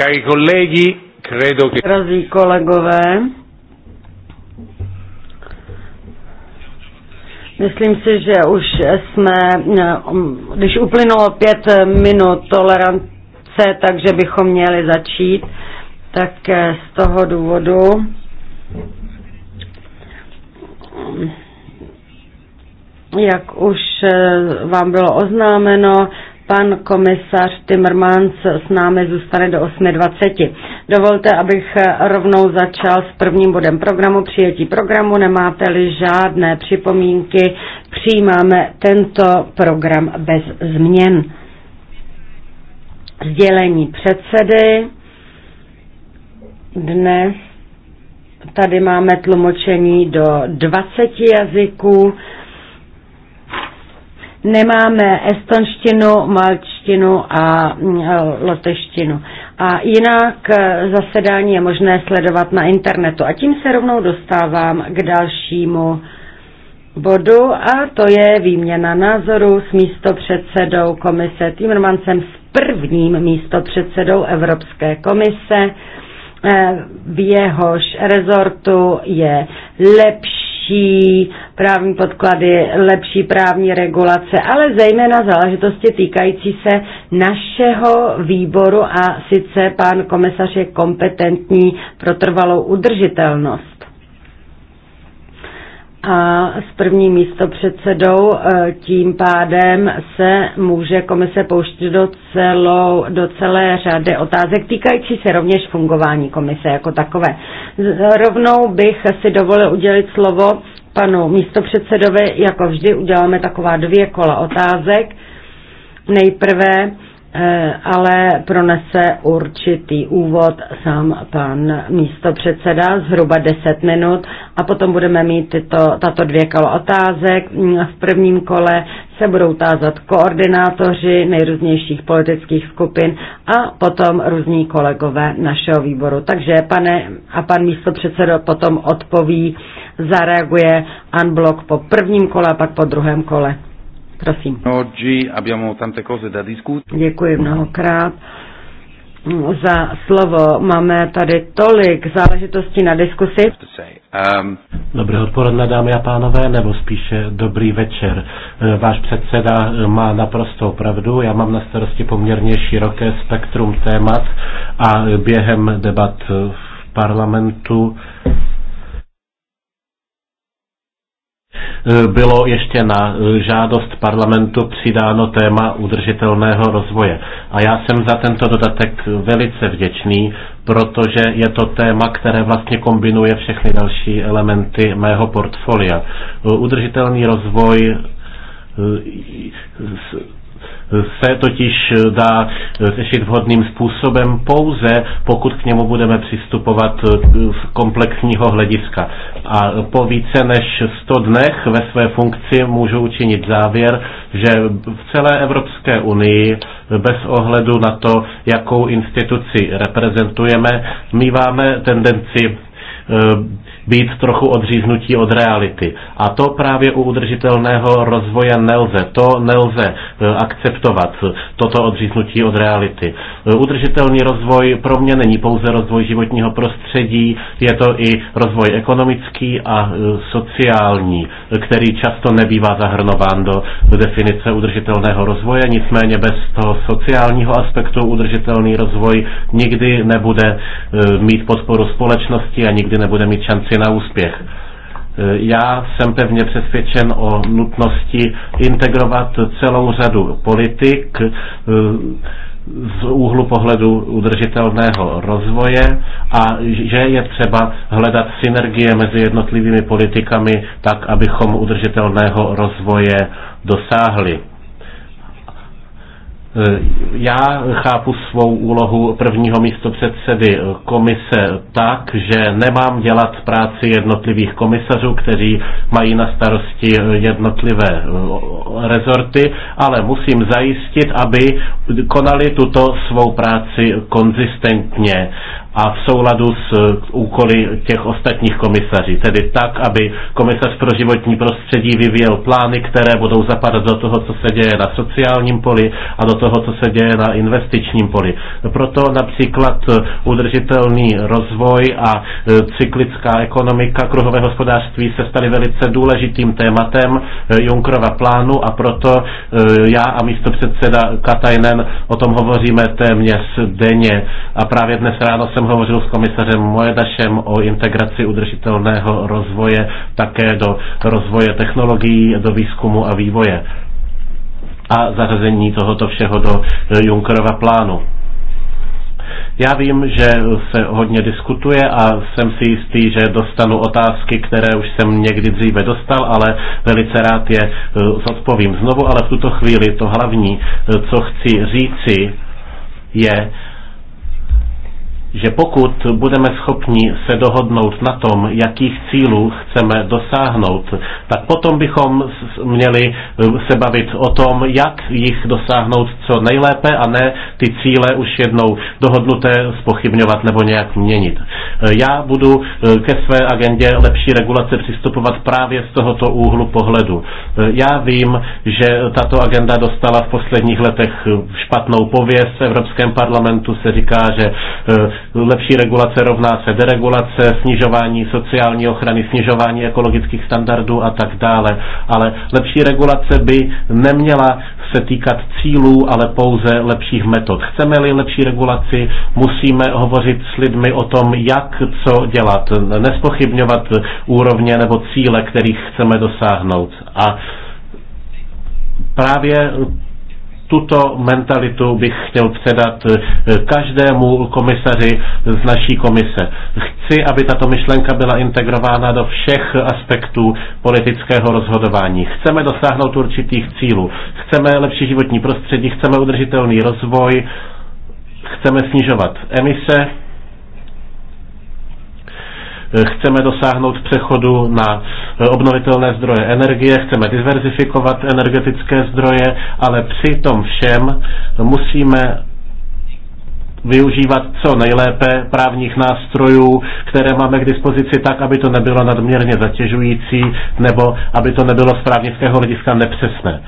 Cari colleghi, credo che... Drazí kolegové, myslím si, že už jsme, um, když uplynulo pět minut tolerance, takže bychom měli začít, tak eh, z toho důvodu um, jak už eh, vám bylo oznámeno, Pan komisař Timmermans s námi zůstane do 8.20. Dovolte, abych rovnou začal s prvním bodem programu, přijetí programu. Nemáte-li žádné připomínky, přijímáme tento program bez změn. Sdělení předsedy. Dnes tady máme tlumočení do 20 jazyků nemáme estonštinu, malčtinu a mm, e, loteštinu. A jinak e, zasedání je možné sledovat na internetu. A tím se rovnou dostávám k dalšímu bodu a to je výměna názoru s místopředsedou komise Timmermansem s prvním místopředsedou Evropské komise e, v jehož rezortu je lepší lepší právní podklady, lepší právní regulace, ale zejména záležitosti týkající se našeho výboru a sice pán komisař je kompetentní pro trvalou udržitelnost a s prvním místopředsedou eh, tím pádem se může komise pouštět do, celou, do celé řady otázek týkající se rovněž fungování komise jako takové. Rovnou bych si dovolil udělit slovo panu místopředsedovi, jako vždy uděláme taková dvě kola otázek. Nejprve Eh, ale pronese určitý úvod sám pan místopředseda, zhruba 10 minut a potom budeme mít tyto, tato dvě kolo otázek. V prvním kole se budou tázat koordinátoři nejrůznějších politických skupin a potom různí kolegové našeho výboru. Takže pane a pan místopředsedo potom odpoví, zareaguje unblock po prvním kole a pak po druhém kole. Prosím. Oggi abbiamo tante cose da discutere. Děkuji mnohokrát za slovo. Máme tady tolik záležitostí na diskusi. Um, Dobré odpoledne, dámy a pánové, nebo spíše dobrý večer. Eh, váš předseda eh, má naprostou pravdu. Já mám na starosti poměrně široké spektrum témat a během debat eh, v parlamentu Eh, bylo ještě na eh, žádost parlamentu přidáno téma udržitelného rozvoje. A já jsem za tento dodatek velice vděčný, protože je to téma, které vlastně kombinuje všechny další elementy mého portfolia. Eh, udržitelný rozvoj se totiž dá řešit vhodným způsobem pouze, pokud k němu budeme přistupovat eh, z komplexního hlediska. A po více než 100 dnech ve své funkci můžu učinit závěr, že v celé Evropské unii bez ohledu na to, jakou instituci reprezentujeme, míváme tendenci eh, být trochu odříznutí od reality. A to právě u udržitelného rozvoje nelze. To nelze e, akceptovat, toto odříznutí od reality. E, udržitelný rozvoj pro mě není pouze rozvoj životního prostředí, je to i rozvoj ekonomický a e, sociální, který často nebývá zahrnován do definice udržitelného rozvoje, nicméně bez toho sociálního aspektu udržitelný rozvoj nikdy nebude mít podporu společnosti a nikdy nebude mít šanci na úspěch. E, já jsem pevně přesvědčen o nutnosti integrovat celou řadu politik e, z úhlu pohledu udržitelného rozvoje a že je třeba hledat synergie mezi jednotlivými politikami tak, abychom udržitelného rozvoje dosáhli. Eh, já chápu svou úlohu prvního místopředsedy komise tak, že nemám dělat práci jednotlivých komisařů, kteří mají na starosti jednotlivé eh, rezorty, ale musím zajistit, aby konali tuto svou práci konzistentně a v souladu s eh, úkoly těch ostatních komisaří. Tedy tak, aby komisař pro životní prostředí vyvíjel plány, které budou zapadat do toho, co se děje na sociálním poli a do toho, co se děje na investičním poli. Proto například eh, udržitelný rozvoj a eh, cyklická ekonomika kruhové hospodářství se staly velice důležitým tématem Junkrova plánu a proto já a místo předseda Katajnen o tom hovoříme téměř denně. A právě dnes ráno jsem jsem hovořil s komisařem Moedašem o integraci udržitelného rozvoje také do rozvoje technologií, do výzkumu a vývoje a zařazení tohoto všeho do Junckerova plánu. Já vím, že se hodně diskutuje a jsem si jistý, že dostanu otázky, které už jsem někdy dříve dostal, ale velice rád je eh, zodpovím znovu, ale v tuto chvíli to hlavní, eh, co chci říci, je, že pokud budeme schopni se dohodnout na tom, jakých cílů chceme dosáhnout, tak potom bychom měli e, se bavit o tom, jak jich dosáhnout co nejlépe a ne ty cíle už jednou dohodnuté spochybňovat nebo nějak měnit. E, já budu e, ke své agendě lepší regulace přistupovat právě z tohoto úhlu pohledu. Já vím, že tato agenda dostala v posledních letech špatnou pověst. V Evropském parlamentu se říká, že lepší regulace rovná se deregulace, snižování sociální ochrany, snižování ekologických standardů a tak dále. Ale lepší regulace by neměla se týkat cílů, ale pouze lepších metod. Chceme-li lepší regulaci, musíme hovořit s lidmi o tom, jak co dělat, nespochybňovat úrovně nebo cíle, kterých chceme dosáhnout. A právě tuto mentalitu bych chtěl předat eh, každému komisaři z naší komise. Chci, aby tato myšlenka byla integrována do všech aspektů politického rozhodování. Chceme dosáhnout určitých cílů. Chceme lepší životní prostředí, chceme udržitelný rozvoj, chceme snižovat emise, Eh, chceme dosáhnout přechodu na eh, obnovitelné zdroje energie, chceme diverzifikovat energetické zdroje, ale při tom všem musíme využívat co nejlépe právních nástrojů, které máme k dispozici tak, aby to nebylo nadměrně zatěžující nebo aby to nebylo z právnického hlediska nepřesné.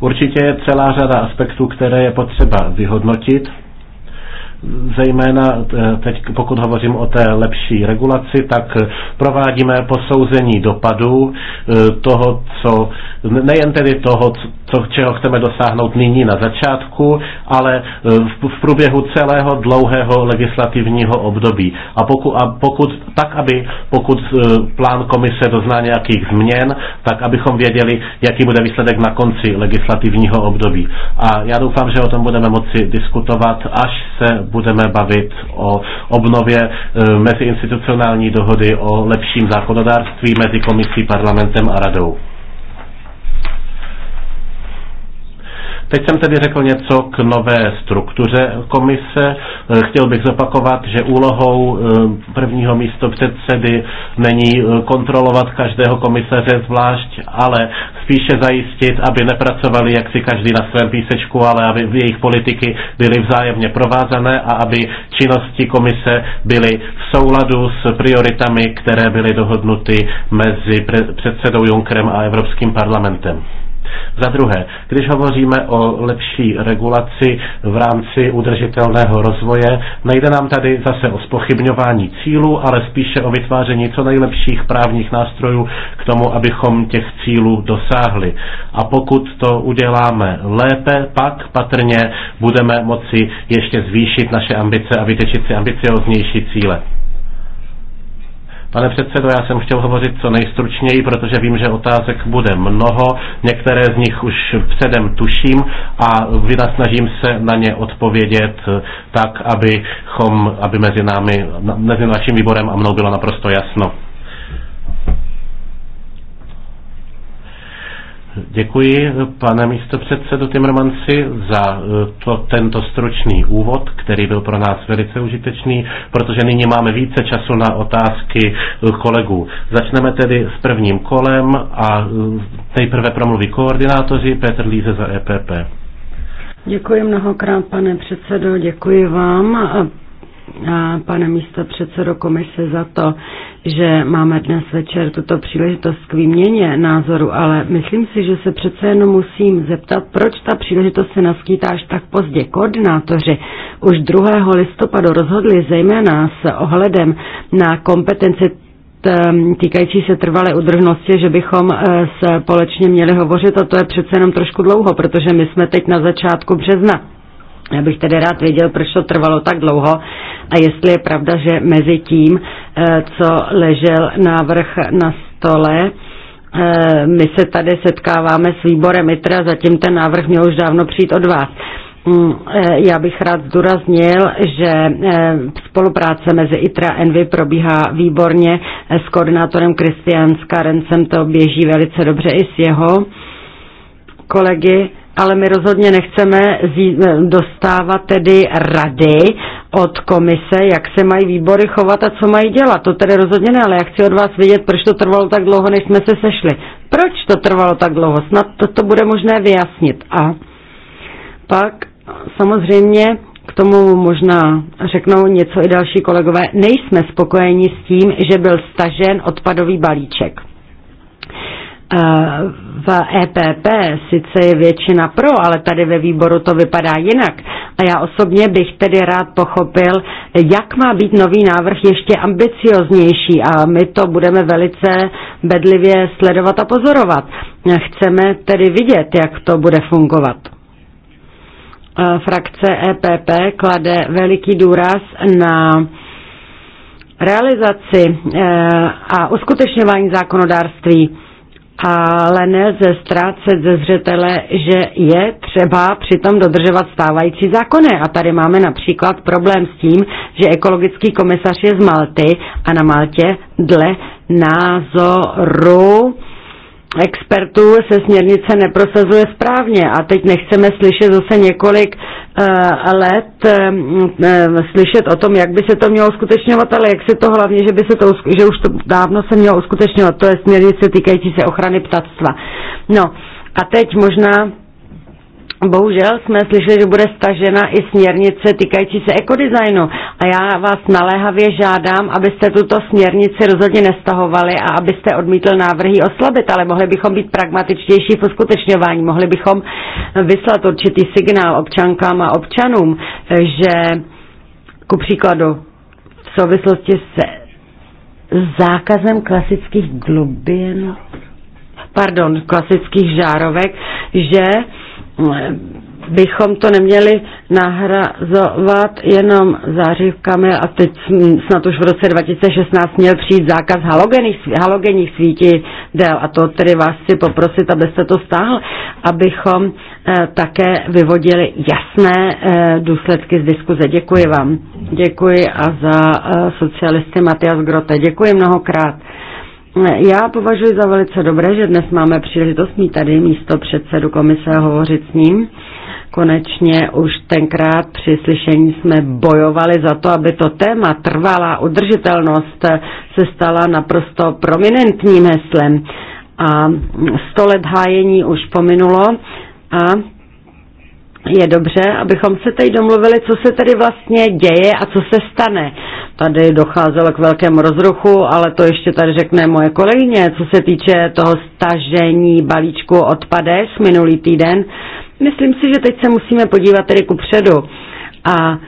Určitě je celá řada aspektů, které je potřeba vyhodnotit zejména eh, teď, pokud hovořím o té lepší regulaci, tak provádíme posouzení dopadů eh, toho, co, nejen tedy toho, co, čeho chceme dosáhnout nyní na začátku, ale eh, v, v průběhu celého dlouhého legislativního období. A pokud, a pokud, tak, aby pokud plán komise dozná nějakých změn, tak abychom věděli, jaký bude výsledek na konci legislativního období. A já doufám, že o tom budeme moci diskutovat, až se budeme bavit o obnově e, meziinstitucionální dohody o lepším zákonodárství mezi komisí, parlamentem a radou. Teď jsem tedy řekl něco k nové struktuře komise. Eh, chtěl bych zopakovat, že úlohou eh, prvního místo předsedy není eh, kontrolovat každého komisaře zvlášť, ale spíše zajistit, aby nepracovali jak si každý na svém písečku, ale aby jejich politiky byly vzájemně provázané a aby činnosti komise byly v souladu s prioritami, které byly dohodnuty mezi předsedou Junckerem a Evropským parlamentem. Za druhé, když hovoříme o lepší regulaci v rámci udržitelného rozvoje, nejde nám tady zase o spochybňování cílů, ale spíše o vytváření co nejlepších právních nástrojů k tomu, abychom těch cílů dosáhli. A pokud to uděláme lépe, pak patrně budeme moci ještě zvýšit naše ambice a vytečit si ambicioznější cíle. Pane předsedo, já jsem chtěl hovořit co nejstručněji, protože vím, že otázek bude mnoho. Některé z nich už předem tuším a snažím se na ně odpovědět tak, abychom, aby mezi námi, mezi naším výborem a mnou bylo naprosto jasno. Děkuji, pane místopředsedo Timmermansi, za eh, to, tento stručný úvod, který byl pro nás velice užitečný, protože nyní máme více času na otázky eh, kolegů. Začneme tedy s prvním kolem a eh, nejprve promluví koordinátoři Petr Líze za EPP. Děkuji mnohokrát, pane předsedo, děkuji vám pane místo předsedo komise za to, že máme dnes večer tuto příležitost k výměně názoru, ale myslím si, že se přece jenom musím zeptat, proč ta příležitost se naskýtá až tak pozdě. Koordinátoři už 2. listopadu rozhodli zejména s ohledem na kompetenci ehm, týkající se trvalé udržnosti, že bychom eh, společně měli hovořit a to je přece jenom trošku dlouho, protože my jsme teď na začátku března. Já bych tedy rád věděl, proč to trvalo tak dlouho a jestli je pravda, že mezi tím, eh, co ležel návrh na stole, eh, my se tady setkáváme s výborem ITRA, zatím ten návrh měl už dávno přijít od vás. Mm, eh, já bych rád zdůraznil, že spolupráce mezi ITRA a ENVY probíhá výborně s koordinátorem Kristiánska Rencem, to běží velice dobře i s jeho kolegy ale my rozhodně nechceme eh, dostávat tedy rady od komise, jak se mají výbory chovat a co mají dělat. To tedy rozhodně ne, ale já chci od vás vědět, proč to trvalo tak dlouho, než jsme se sešli. Proč to trvalo tak dlouho? Snad to, to bude možné vyjasnit. A pak samozřejmě k tomu možná řeknou něco i další kolegové. Nejsme spokojeni s tím, že byl stažen odpadový balíček eh, v EPP sice je většina pro, ale tady ve výboru to vypadá jinak. A já osobně bych tedy rád pochopil, jak má být nový návrh ještě ambicioznější a my to budeme velice bedlivě sledovat a pozorovat. Chceme tedy vidět, jak to bude fungovat. E, frakce EPP klade veliký důraz na realizaci e, a uskutečňování zákonodárství ale nelze ztrácet ze zřetele, že je třeba přitom dodržovat stávající zákony. A tady máme například problém s tím, že ekologický komisař je z Malty a na Maltě dle názoru expertů se směrnice neprosazuje správně a teď nechceme slyšet zase několik eh, let eh, eh, slyšet o tom, jak by se to mělo uskutečňovat, ale jak se to hlavně, že by se to, že už to dávno se mělo uskutečňovat, to je směrnice týkající se ochrany ptactva. No a teď možná Bohužel jsme slyšeli, že bude stažena i směrnice týkající se ekodesignu a já vás naléhavě žádám, abyste tuto směrnici rozhodně nestahovali a abyste odmítl návrhy oslabit, ale mohli bychom být pragmatičtější v uskutečňování, mohli bychom vyslat určitý signál občankám a občanům, že ku příkladu v souvislosti se zákazem klasických globin, pardon, klasických žárovek, že bychom to neměli nahrazovat jenom zářivkami a teď snad už v roce 2016 měl přijít zákaz halogenních, svítí, svítidel a to tedy vás chci poprosit, abyste to stáhl, abychom eh, také vyvodili jasné eh, důsledky z diskuze. Děkuji vám. Děkuji a za eh, socialisty Matias Grote. Děkuji mnohokrát. Já považuji za velice dobré, že dnes máme příležitost mít tady místo předsedu komise hovořit s ním. Konečně už tenkrát při slyšení jsme bojovali za to, aby to téma trvalá udržitelnost se stala naprosto prominentním heslem. A sto let hájení už pominulo a je dobře, abychom se tady domluvili, co se tady vlastně děje a co se stane. Tady docházelo k velkému rozruchu, ale to ještě tady řekne moje kolegyně, co se týče toho stažení balíčku odpadech minulý týden. Myslím si, že teď se musíme podívat tedy ku předu. A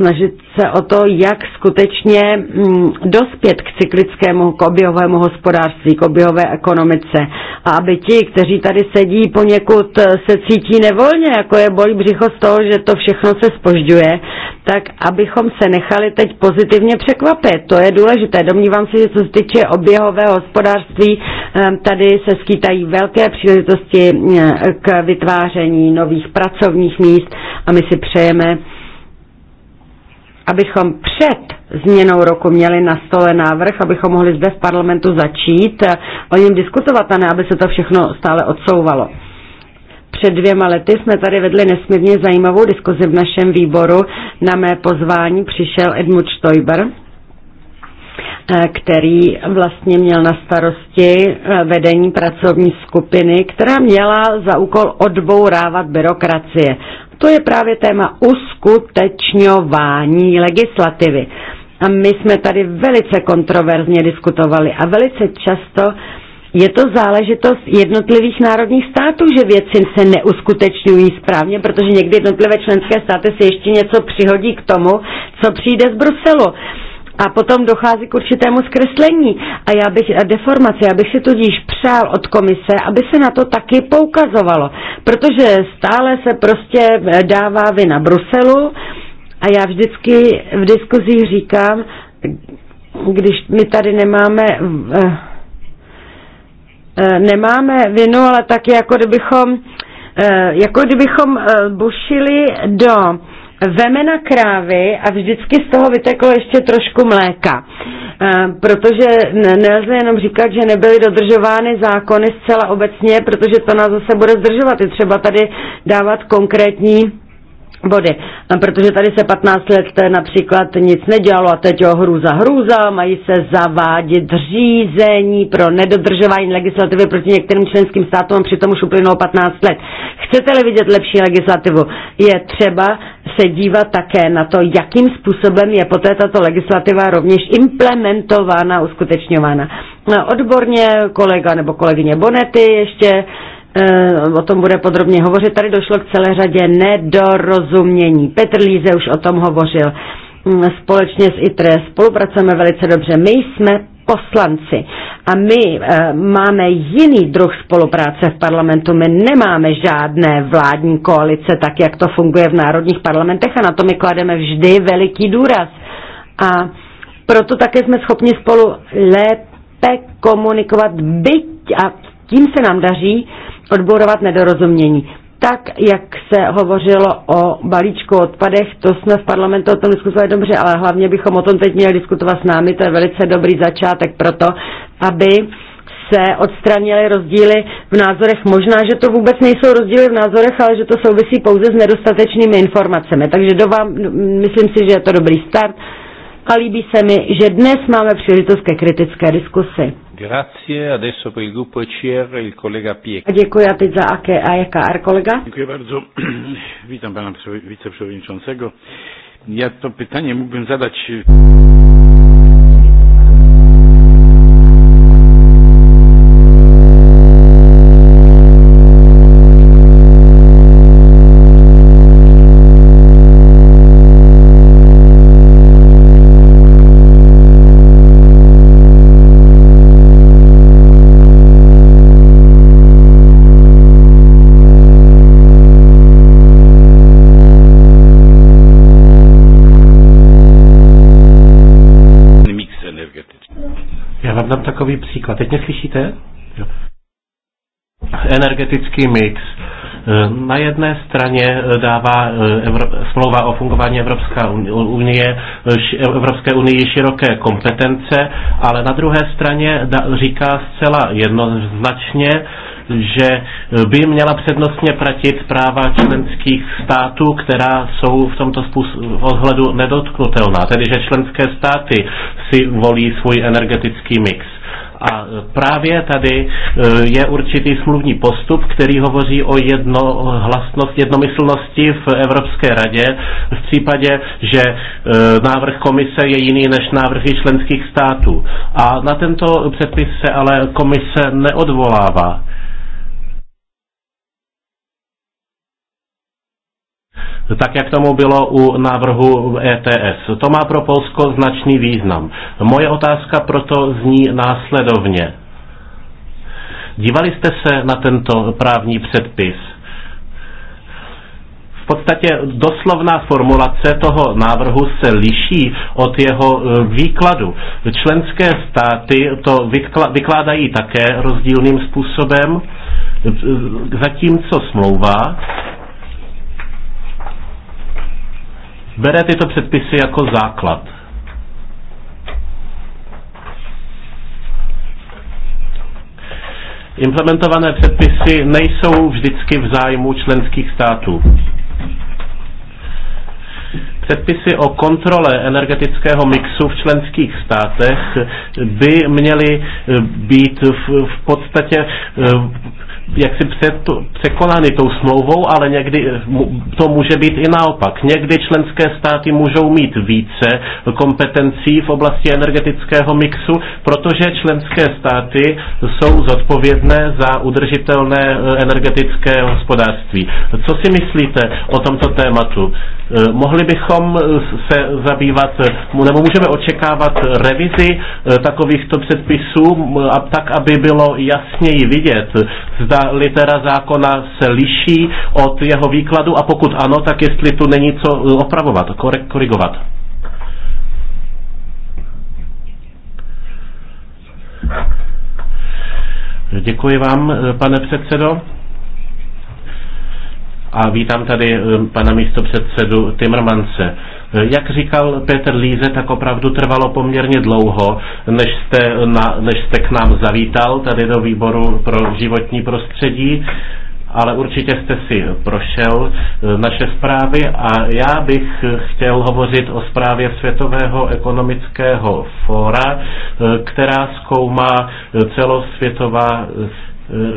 snažit se o to, jak skutečně mm, dospět k cyklickému, k oběhovému hospodářství, k oběhové ekonomice. A aby ti, kteří tady sedí, poněkud eh, se cítí nevolně, jako je bolí břicho z toho, že to všechno se spožďuje, tak abychom se nechali teď pozitivně překvapit. To je důležité. Domnívám se, že co se týče oběhového hospodářství, eh, tady se skýtají velké příležitosti eh, k vytváření nových pracovních míst a my si přejeme, abychom před změnou roku měli na stole návrh, abychom mohli zde v parlamentu začít eh, o něm diskutovat a ne, aby se to všechno stále odsouvalo. Před dvěma lety jsme tady vedli nesmírně zajímavou diskuzi v našem výboru. Na mé pozvání přišel Edmund Stoiber, eh, který vlastně měl na starosti eh, vedení pracovní skupiny, která měla za úkol odbourávat byrokracie. To je právě téma us uskutečňování legislativy. A my jsme tady velice kontroverzně diskutovali a velice často je to záležitost jednotlivých národních států, že věci se neuskutečňují správně, protože někdy jednotlivé členské státy si ještě něco přihodí k tomu, co přijde z Bruselu. A potom dochází k určitému zkreslení a já bych, a deformaci. Já bych si tudíž přál od komise, aby se na to taky poukazovalo, protože stále se prostě eh, dává vina Bruselu a já vždycky v diskuzích říkám, když my tady nemáme eh, eh, nemáme vinu, ale taky jako kdybychom jako kdybychom bušili do veme na krávy a vždycky z toho vyteklo ještě trošku mléka. Eh, protože nelze jenom říkat, že nebyly dodržovány zákony zcela obecně, protože to nás zase bude zdržovat. Je třeba tady dávat konkrétní body. No, protože tady se 15 let například nic nedělalo a teď jo, hrůza, hrůza, mají se zavádět řízení pro nedodržování legislativy proti některým členským státům a přitom už uplynulo 15 let. Chcete-li vidět lepší legislativu, je třeba se dívat také na to, jakým způsobem je poté tato legislativa rovněž implementována, uskutečňována. No, odborně kolega nebo kolegyně Bonety ještě Eh, o tom bude podrobně hovořit. Tady došlo k celé řadě nedorozumění. Petr Líze už o tom hovořil. Mm, společně s ITRE spolupracujeme velice dobře. My jsme poslanci a my e, máme jiný druh spolupráce v parlamentu. My nemáme žádné vládní koalice, tak jak to funguje v národních parlamentech a na to my klademe vždy veliký důraz. A proto také jsme schopni spolu lépe komunikovat, byť a tím se nám daří, odbourovat nedorozumění. Tak, jak se hovořilo o balíčku odpadech, to jsme v parlamentu o tom diskutovali dobře, ale hlavně bychom o tom teď měli diskutovat s námi, to je velice dobrý začátek pro to, aby se odstranily rozdíly v názorech. Možná, že to vůbec nejsou rozdíly v názorech, ale že to souvisí pouze s nedostatečnými informacemi. Takže do vám, myslím si, že je to dobrý start a líbí se mi, že dnes máme příležitost ke kritické diskusi. Grazie. Adesso per il gruppo ECR il collega Pieck. Děkuji a teď za AKR kolega. Dziękuję bardzo. Witam pana wiceprzewodniczącego. Ja to pytanie mógłbym zadać Dám takový příklad. Teď mě slyšíte? Jo. Energetický mix. Eh, na jedné straně eh, dává eh, Evro- smlouva o fungování Evropská unie, Evropské unii široké kompetence, ale na druhé straně říká zcela jednoznačně, že by měla přednostně platit práva členských států, která jsou v tomto v ohledu nedotknutelná, tedy že členské státy si volí svůj energetický mix. A právě tady e, je určitý smluvní postup, který hovoří o jednohlasnost, jednomyslnosti v Evropské radě v případě, že e, návrh komise je jiný než návrhy členských států. A na tento předpis se ale komise neodvolává. tak jak tomu bylo u návrhu ETS. To má pro Polsko značný význam. Moje otázka proto zní následovně. Dívali jste se na tento právní předpis? V podstatě doslovná formulace toho návrhu se liší od jeho e, výkladu. Členské státy to vykládají také rozdílným způsobem, e, e, zatímco smlouva bere tyto předpisy jako základ. Implementované předpisy nejsou vždycky v zájmu členských států. Předpisy o kontrole energetického mixu v členských státech by měly být v, v podstatě eh, jaksi před, překonány tou smlouvou, ale někdy eh, to může být i naopak. Někdy členské státy můžou mít více kompetencí v oblasti energetického mixu, protože členské státy jsou zodpovědné za udržitelné eh, energetické hospodářství. Co si myslíte o tomto tématu? Eh, mohli bychom se zabývat, nebo můžeme očekávat revizi takovýchto předpisů, tak aby bylo jasněji vidět, zda litera zákona se liší od jeho výkladu a pokud ano, tak jestli tu není co eh, opravovat, korigovat. Děkuji vám, eh, pane předsedo. A vítám tady eh, pana předsedu Timrmance. Jak říkal Petr Líze, tak opravdu trvalo poměrně dlouho, než jste, na, než jste k nám zavítal tady do výboru pro životní prostředí ale určitě jste si prošel eh, naše zprávy a já bych chtěl hovořit o zprávě Světového ekonomického fóra, eh, která zkoumá eh, celosvětová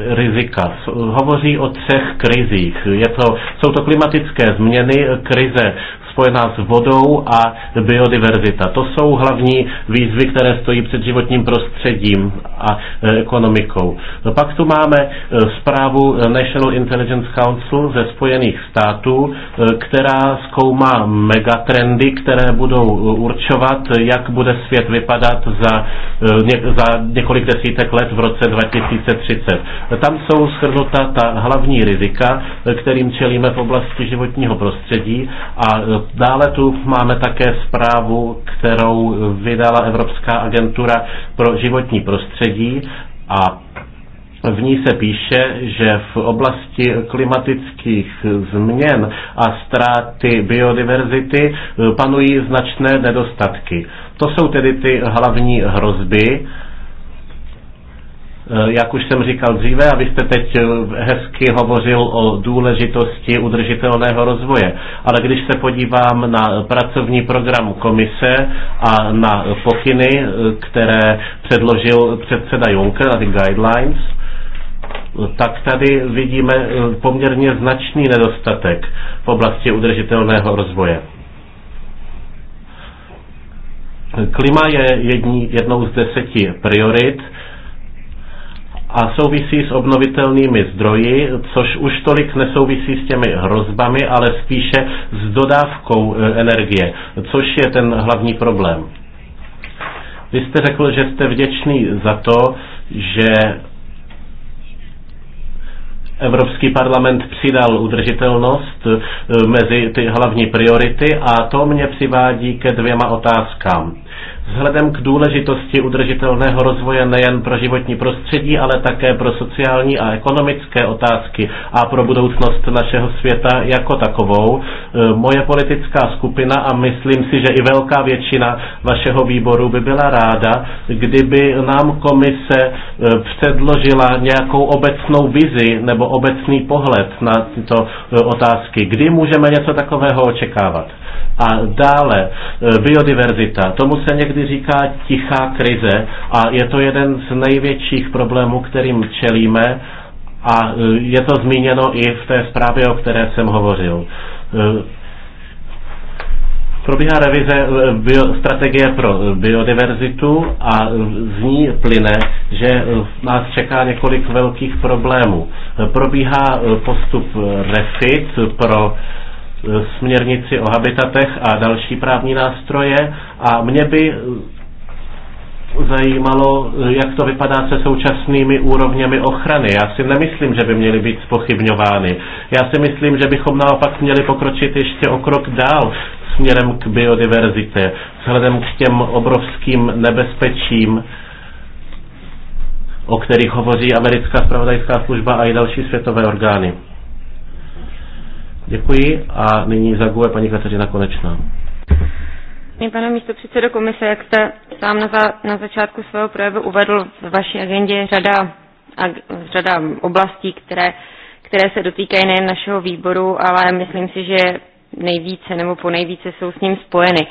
rizika. Hovoří o třech krizích. Je to, jsou to klimatické změny, krize spojená s vodou a biodiverzita. To jsou hlavní výzvy, které stojí před životním prostředím a e, ekonomikou. No, pak tu máme e, zprávu National Intelligence Council ze Spojených států, e, která zkoumá megatrendy, které budou určovat, jak bude svět vypadat za, za několik desítek let v roce 2030. Tam jsou shrnuta ta hlavní rizika, kterým čelíme v oblasti životního prostředí a Dále tu máme také zprávu, kterou vydala Evropská agentura pro životní prostředí a v ní se píše, že v oblasti klimatických změn a ztráty biodiverzity panují značné nedostatky. To jsou tedy ty hlavní hrozby, Eh, jak už jsem říkal dříve, a vy jste teď eh, hezky hovořil o důležitosti udržitelného rozvoje, ale když se podívám na pracovní program komise a na pokyny, eh, které předložil předseda Juncker a ty guidelines, tak tady vidíme poměrně značný nedostatek v oblasti udržitelného rozvoje. Klima je jední, jednou z deseti priorit a souvisí s obnovitelnými zdroji, což už tolik nesouvisí s těmi hrozbami, ale spíše s dodávkou e, energie, což je ten hlavní problém. Vy jste řekl, že jste vděčný za to, že Evropský parlament přidal udržitelnost e, mezi ty hlavní priority a to mě přivádí ke dvěma otázkám. Vzhledem k důležitosti udržitelného rozvoje nejen pro životní prostředí, ale také pro sociální a ekonomické otázky a pro budoucnost našeho světa jako takovou, e, moje politická skupina a myslím si, že i velká většina vašeho výboru by byla ráda, kdyby nám komise e, předložila nějakou obecnou vizi nebo obecný pohled na tyto e, otázky. Kdy můžeme něco takového očekávat? A dále, e, biodiverzita. Tomu se někdy říká tichá krize a je to jeden z největších problémů, kterým čelíme a e, je to zmíněno i v té zprávě, o které jsem hovořil. E, probíhá revize bio, strategie pro biodiverzitu a z ní plyne, že nás čeká několik velkých problémů. Probíhá postup REFIT pro směrnici o habitatech a další právní nástroje a mě by zajímalo, jak to vypadá se současnými úrovněmi ochrany. Já si nemyslím, že by měly být spochybňovány. Já si myslím, že bychom naopak měli pokročit ještě o krok dál směrem k biodiverzitě, vzhledem k těm obrovským nebezpečím, o kterých hovoří americká spravodajská služba a i další světové orgány. Děkuji a nyní zaguje paní Kateřina Konečná. Pane místo předsedo komise, jak jste sám na, za, na začátku svého projevu uvedl, v vaší agendě řada, ag, řada oblastí, které, které se dotýkají nejen našeho výboru, ale myslím si, že nejvíce nebo po nejvíce jsou s ním spojeny.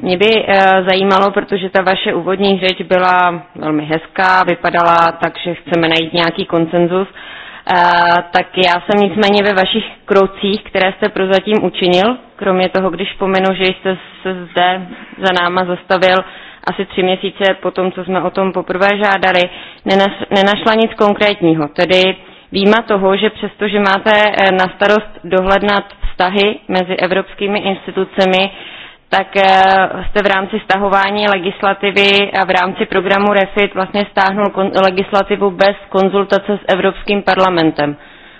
Mě by e, zajímalo, protože ta vaše úvodní řeč byla velmi hezká, vypadala tak, že chceme najít nějaký konsenzus, Eh, tak já jsem nicméně ve vašich krocích, které jste prozatím učinil, kromě toho, když pomenu, že jste se zde za náma zastavil asi tři měsíce po tom, co jsme o tom poprvé žádali, nenašla nic konkrétního. Tedy výjima toho, že přestože máte eh, na starost dohled nad vztahy mezi evropskými institucemi, tak eh, jste v rámci stahování legislativy a v rámci programu REFIT vlastně stáhnul legislativu bez konzultace s Evropským parlamentem.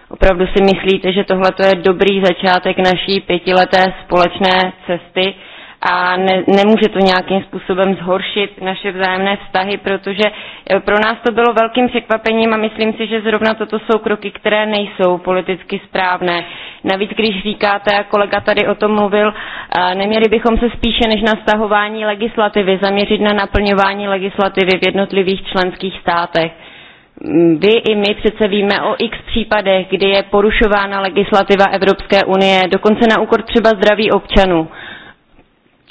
Opravdu si myslíte, že tohle je dobrý začátek naší pětileté společné cesty a ne, nemůže to nějakým způsobem zhoršit naše vzájemné vztahy, protože eh, pro nás to bylo velkým překvapením a myslím si, že zrovna toto jsou kroky, které nejsou politicky správné. Navíc, když říkáte, a kolega tady o tom mluvil, neměli bychom se spíše než na stahování legislativy zaměřit na naplňování legislativy v jednotlivých členských státech. Mm, vy i my přece víme o x případech, kdy je porušována legislativa Evropské unie, dokonce na úkor třeba zdraví občanů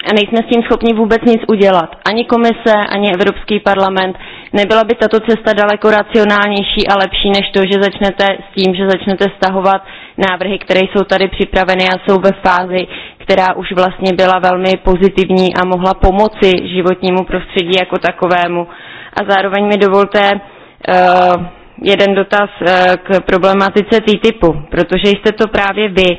a nejsme s tím schopni vůbec nic udělat. Ani komise, ani Evropský parlament. Nebyla by tato cesta daleko racionálnější a lepší, než to, že začnete s tím, že začnete stahovat návrhy, které jsou tady připraveny a jsou ve fázi, která už vlastně byla velmi pozitivní a mohla pomoci životnímu prostředí jako takovému. A zároveň mi dovolte uh, jeden dotaz uh, k problematice TTIPu, protože jste to právě vy,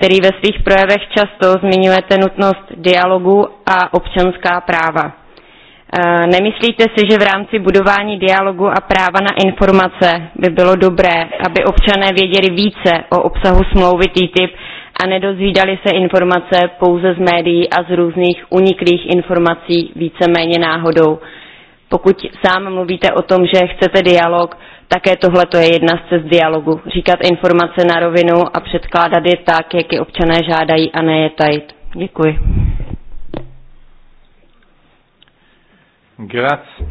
který ve svých projevech často zmiňujete nutnost dialogu a občanská práva. E, nemyslíte si, že v rámci budování dialogu a práva na informace by bylo dobré, aby občané věděli více o obsahu smlouvy TTIP a nedozvídali se informace pouze z médií a z různých uniklých informací víceméně náhodou? Pokud sám mluvíte o tom, že chcete dialog, také tohle je jedna z cest dialogu. Říkat informace na rovinu a předkládat je tak, jak je občané žádají a ne je tajit. Děkuji. Grazie.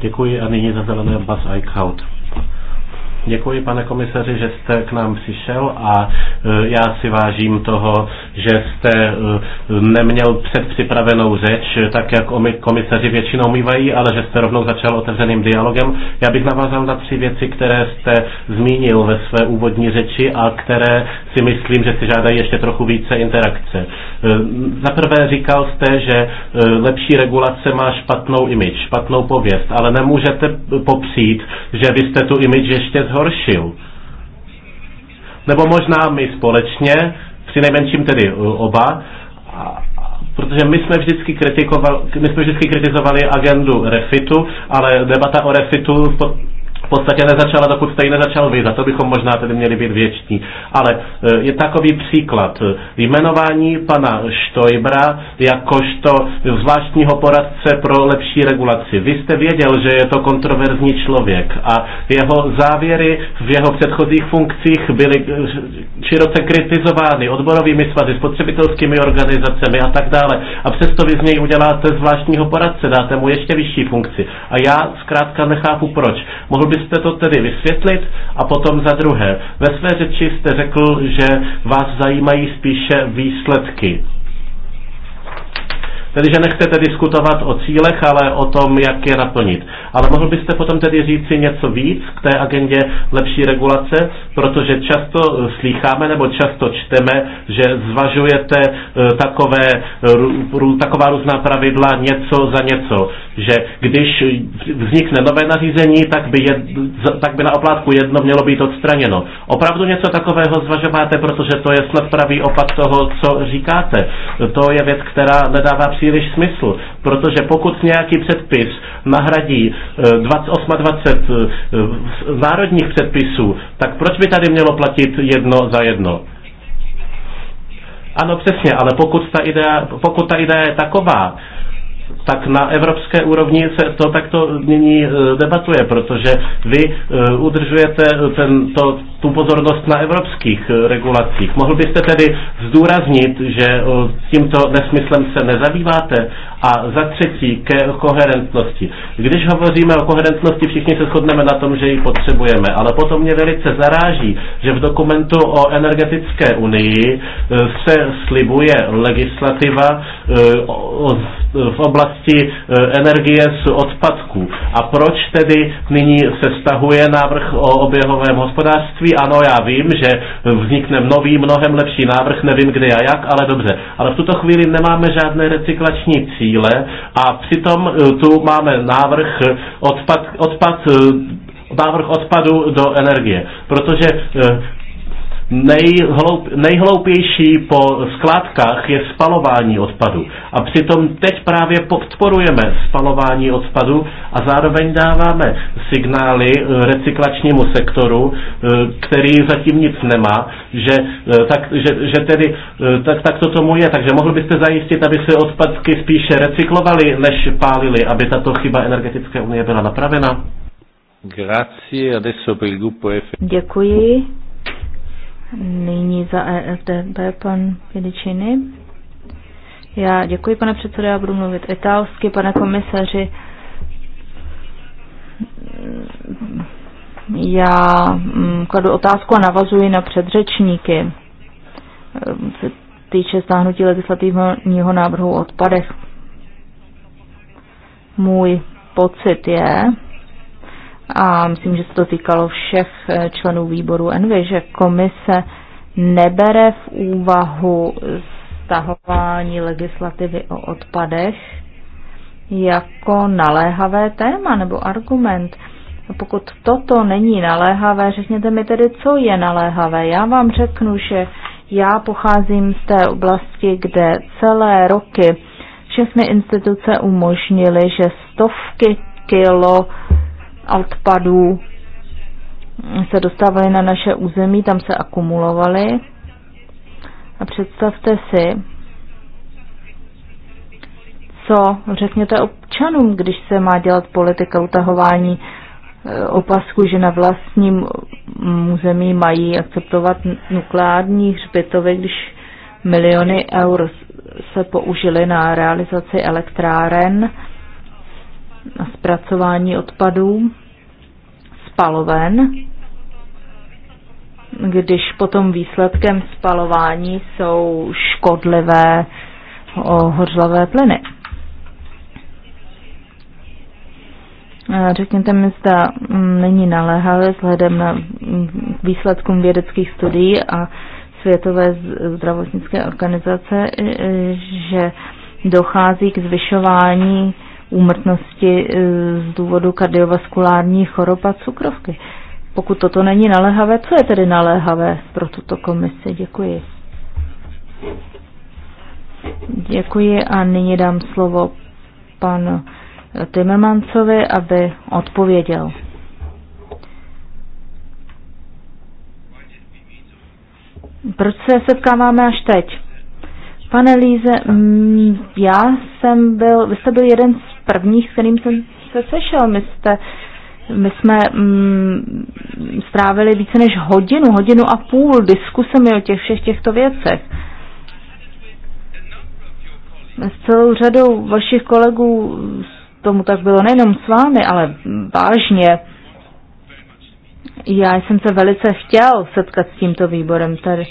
Děkuji a nyní za zelené Bas Eichhout. Děkuji, pane komisaři, že jste k nám přišel a e, já si vážím toho, že jste e, neměl předpřipravenou řeč, tak jak komisaři většinou mývají, ale že jste rovnou začal otevřeným dialogem. Já bych navázal na tři věci, které jste zmínil ve své úvodní řeči a které si myslím, že si žádají ještě trochu více interakce. E, za prvé říkal jste, že lepší regulace má špatnou imič, špatnou pověst, ale nemůžete popřít, že vy jste tu imič ještě zhoršil. Nebo možná my společně, při nejmenším tedy e, oba, protože my jsme vždycky, kritikovali, my jsme vždycky kritizovali agendu Refitu, ale debata o Refitu v podstatě nezačala, dokud stejně nezačal vy. Za to bychom možná tedy měli být věční. Ale e, je takový příklad. E, jmenování pana Štojbra jakožto zvláštního poradce pro lepší regulaci. Vy jste věděl, že je to kontroverzní člověk a jeho závěry v jeho předchozích funkcích byly e, široce kritizovány odborovými svazy, spotřebitelskými organizacemi a tak dále. A přesto vy z něj uděláte zvláštního poradce, dáte mu ještě vyšší funkci. A já zkrátka nechápu proč. Mohl by byste to tedy vysvětlit? A potom za druhé, ve své řeči jste řekl, že vás zajímají spíše výsledky. Tedy, že nechcete diskutovat o cílech, ale o tom, jak je naplnit. Ale mohl byste potom tedy říci něco víc k té agendě lepší regulace, protože často slýcháme nebo často čteme, že zvažujete eh, takové, taková různá pravidla něco za něco. Že když vznikne nové nařízení, tak by, jed, tak by na oplátku jedno mělo být odstraněno. Opravdu něco takového zvažováte, protože to je snad pravý opak toho, co říkáte. To je věc, která nedává příležitost příliš smysl, protože pokud nějaký předpis nahradí 28 eh, 20 eh, národních předpisů, tak proč by tady mělo platit jedno za jedno? Ano, přesně, ale pokud ta idea, pokud ta idea je taková, tak na evropské úrovni se to takto nyní e, debatuje, protože vy e, udržujete ten, to, tu pozornost na evropských e, regulacích. Mohl byste tedy zdůraznit, že tímto nesmyslem se nezabýváte? A za třetí, ke koherentnosti. Když hovoříme o koherentnosti, všichni se shodneme na tom, že ji potřebujeme, ale potom mě velice zaráží, že v dokumentu o energetické unii se slibuje legislativa v oblasti e, energie z odpadků. A proč tedy nyní se stahuje návrh o oběhovém hospodářství? Ano, já vím, že vznikne nový, mnohem lepší návrh, nevím kde a jak, ale dobře. Ale v tuto chvíli nemáme žádné recyklační cíle a přitom e, tu máme návrh odpad, odpad e, návrh odpadu do energie. Protože Nejhloup, nejhloupější po skládkách je spalování odpadu. A přitom teď právě podporujeme spalování odpadu a zároveň dáváme signály eh, recyklačnímu sektoru, eh, který zatím nic nemá, že, eh, tak, že, že tedy tak, tak to tomu je. Takže mohl byste zajistit, aby se odpadky spíše recyklovaly, než pálily, aby tato chyba energetické unie byla napravena? Grazie, adesso per il gruppo F. Děkuji. Nyní za EFDB pan Pědičiny. Já děkuji, pane předsedo, já budu mluvit italsky, pane komisaři. Já mm, kladu otázku a navazuji na předřečníky. Se týče stáhnutí legislativního návrhu odpadech. Můj pocit je, a myslím, že se to týkalo všech eh, členů výboru NV, že komise nebere v úvahu stahování legislativy o odpadech jako naléhavé téma nebo argument. Pokud toto není naléhavé, řekněte mi tedy, co je naléhavé. Já vám řeknu, že já pocházím z té oblasti, kde celé roky všechny instituce umožnily, že stovky kilo a odpadů se dostávaly na naše území, tam se akumulovaly. A představte si, co řekněte občanům, když se má dělat politika utahování e, opasku, že na vlastním území mají akceptovat nukleární hřbitovy, když miliony eur se použily na realizaci elektráren na zpracování odpadů spaloven, když potom výsledkem spalování jsou škodlivé hořlavé plyny. Řekněte mi, zda mm, není naléhavé vzhledem na mm, výsledkům vědeckých studií a Světové zdravotnické organizace, že dochází k zvyšování úmrtnosti e, z důvodu kardiovaskulární chorob a cukrovky. Pokud toto není naléhavé, co je tedy naléhavé pro tuto komisi? Děkuji. Děkuji a nyní dám slovo panu Timmermansovi, aby odpověděl. Proč se setkáváme až teď? Pane Líze, já jsem byl, vy jste byl jeden z prvních, s kterým jsem se sešel. My, jste, my jsme mm, strávili více než hodinu, hodinu a půl diskusemi o těch všech těchto věcech. S celou řadou vašich kolegů tomu tak bylo nejenom s vámi, ale vážně. Já jsem se velice chtěl setkat s tímto výborem tady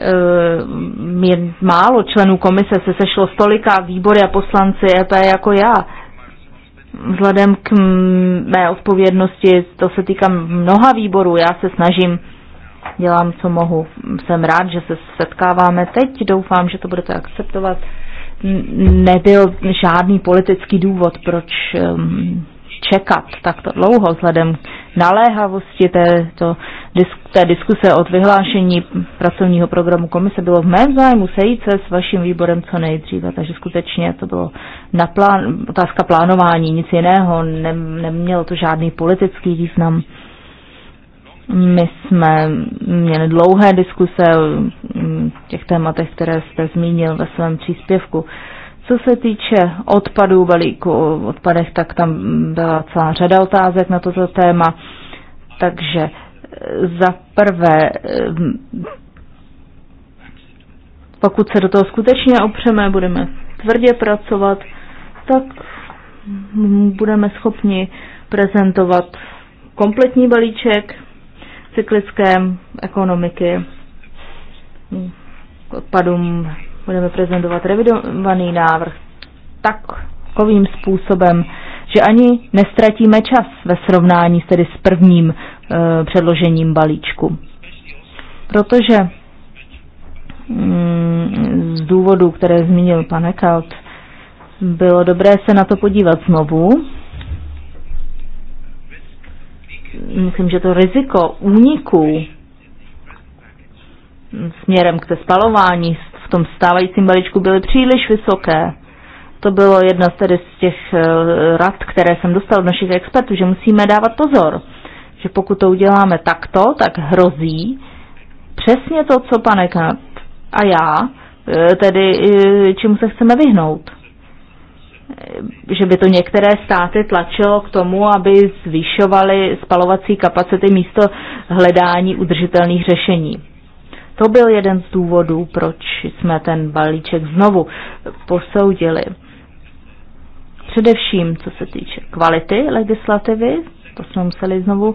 e, málo členů komise se sešlo stolika výbory a poslanci EP jako já. Vzhledem k mé odpovědnosti, to se týká mnoha výborů, já se snažím, dělám, co mohu. Jsem rád, že se setkáváme teď, doufám, že to budete akceptovat. Nebyl žádný politický důvod, proč ehm, čekat takto dlouho, vzhledem k naléhavosti této, té diskuse od vyhlášení pracovního programu komise bylo v mém zájmu sejít se s vaším výborem co nejdříve, takže skutečně to bylo na plán, otázka plánování, nic jiného, ne, nemělo to žádný politický význam. My jsme měli dlouhé diskuse o těch tématech, které jste zmínil ve svém příspěvku. Co se týče odpadů balíku, odpadech, tak tam byla celá řada otázek na toto téma. Takže eh, za prvé, eh, pokud se do toho skutečně opřeme, budeme tvrdě pracovat, tak budeme schopni prezentovat kompletní balíček cyklické ekonomiky k odpadům budeme prezentovat revidovaný návrh takovým způsobem, že ani nestratíme čas ve srovnání s tedy s prvním e, předložením balíčku. Protože mm, z důvodu, které zmínil pan Ekaut, bylo dobré se na to podívat znovu. Myslím, že to riziko úniku směrem k té spalování tom stávajícím balíčku byly příliš vysoké. To bylo jedna z, tedy z těch eh, rad, které jsem dostal od našich expertů, že musíme dávat pozor, že pokud to uděláme takto, tak hrozí přesně to, co pane Kant a já, eh, tedy eh, čemu se chceme vyhnout. Že by to některé státy tlačilo k tomu, aby zvyšovaly spalovací kapacity místo hledání udržitelných řešení. To byl jeden z důvodů, proč jsme ten balíček znovu posoudili. Především, co se týče kvality legislativy, to jsme museli znovu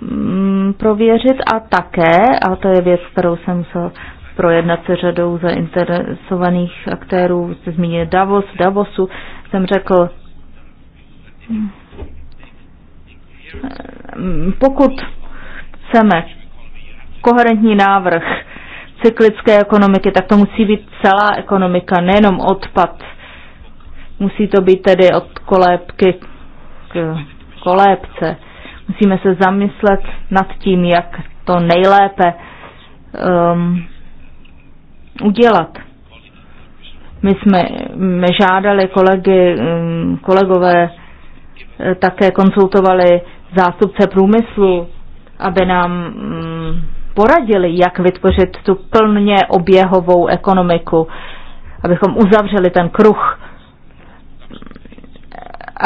mm, prověřit a také, a to je věc, kterou jsem musel projednat se řadou zainteresovaných aktérů, se zmínil Davos, Davosu, jsem řekl, mm, mm, pokud chceme koherentní návrh cyklické ekonomiky, tak to musí být celá ekonomika, nejenom odpad. Musí to být tedy od kolébky k kolébce. Musíme se zamyslet nad tím, jak to nejlépe um, udělat. My jsme my žádali kolegy, um, kolegové eh, také konzultovali zástupce průmyslu, aby nám um, poradili, jak vytvořit tu plně oběhovou ekonomiku, abychom uzavřeli ten kruh,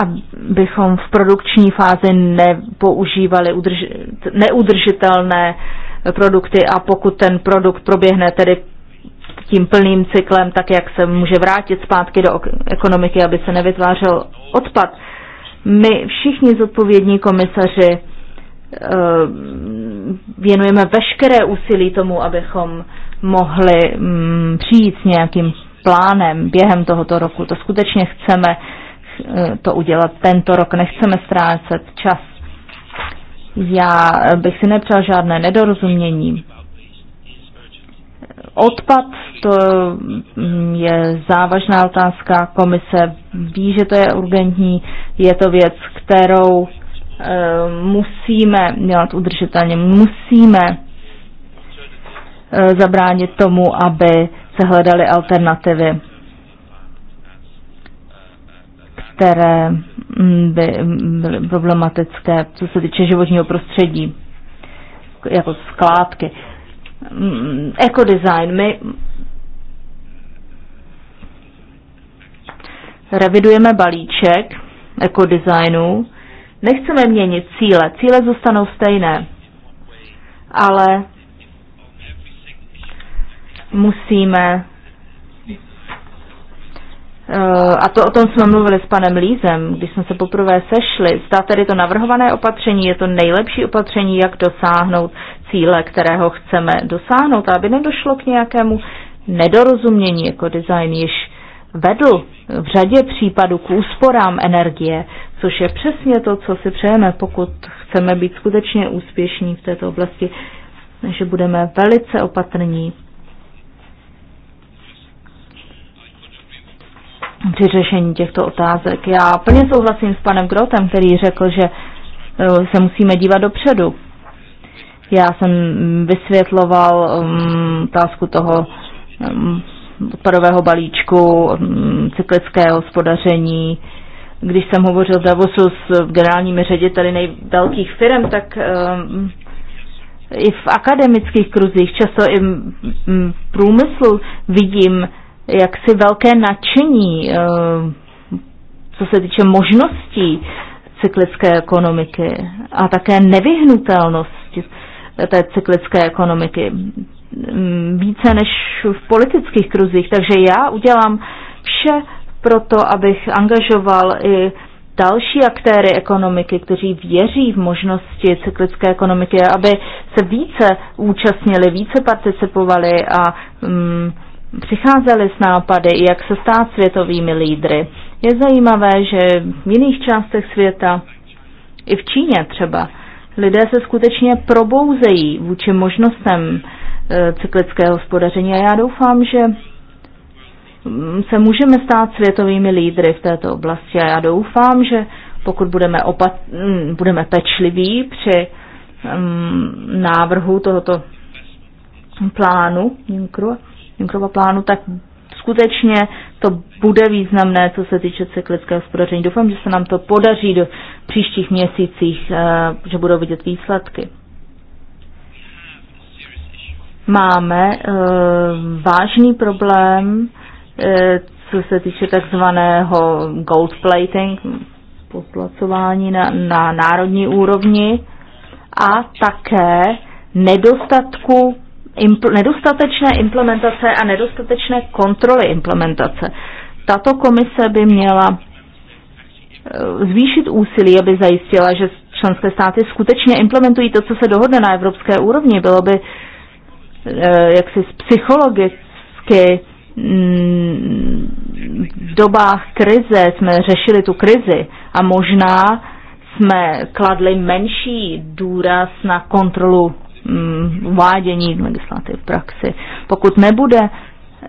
abychom v produkční fázi nepoužívali udrž, neudržitelné produkty a pokud ten produkt proběhne tedy tím plným cyklem, tak jak se může vrátit zpátky do ekonomiky, aby se nevytvářel odpad. My všichni zodpovědní komisaři Eh, věnujeme veškeré úsilí tomu, abychom mohli mm, přijít s nějakým plánem během tohoto roku. To skutečně chceme eh, to udělat tento rok, nechceme ztrácet čas. Já bych si nepřál žádné nedorozumění. Odpad, to mm, je závažná otázka, komise ví, že to je urgentní, je to věc, kterou Eh, musíme dělat udržitelně, musíme eh, zabránit tomu, aby se hledaly alternativy, které mm, by mm, byly problematické, co se týče životního prostředí, jako skládky. Mm, ekodesign. My revidujeme balíček ekodesignu, Nechceme měnit cíle, cíle zůstanou stejné, ale musíme eh, a to o tom jsme mluvili s panem Lízem, když jsme se poprvé sešli. Zda tedy to navrhované opatření je to nejlepší opatření, jak dosáhnout cíle, kterého chceme dosáhnout, aby nedošlo k nějakému nedorozumění, jako design již vedl v řadě případů k úsporám energie, což je přesně to, co si přejeme, pokud chceme být skutečně úspěšní v této oblasti, že budeme velice opatrní při řešení těchto otázek. Já plně souhlasím s panem Grotem, který řekl, že eh, se musíme dívat dopředu. Já jsem vysvětloval um, toho um, odpadového balíčku, um, cyklické hospodaření, když jsem hovořil v Davosu s generálními řediteli nejvelkých firm, tak ehm, i v akademických kruzích, často i v průmyslu vidím jaksi velké nadšení, ehm, co se týče možností cyklické ekonomiky a také nevyhnutelnosti té cyklické ekonomiky více než v politických kruzích. Takže já udělám vše proto, abych angažoval i další aktéry ekonomiky, kteří věří v možnosti cyklické ekonomiky, aby se více účastnili, více participovali a um, přicházeli s nápady, jak se stát světovými lídry. Je zajímavé, že v jiných částech světa, i v Číně třeba, lidé se skutečně probouzejí vůči možnostem e, cyklického hospodaření a já doufám, že Mm, se můžeme stát světovými lídry v této oblasti a já doufám, že pokud budeme, opat, mm, budeme pečliví při um, návrhu tohoto plánu, Junckerova plánu, tak skutečně to bude významné, co se týče cyklického hospodaření. Doufám, že se nám to podaří do příštích měsících, eh, že budou vidět výsledky. Máme eh, vážný problém Eh, co se týče takzvaného gold plating, potlačování na, na národní úrovni a také nedostatku, impl, nedostatečné implementace a nedostatečné kontroly implementace. Tato komise by měla eh, zvýšit úsilí, aby zajistila, že členské státy skutečně implementují to, co se dohodne na evropské úrovni. Bylo by eh, jaksi psychologicky Mm, v dobách krize jsme řešili tu krizi a možná jsme kladli menší důraz na kontrolu mm, uvádění legislativ v praxi. Pokud nebude,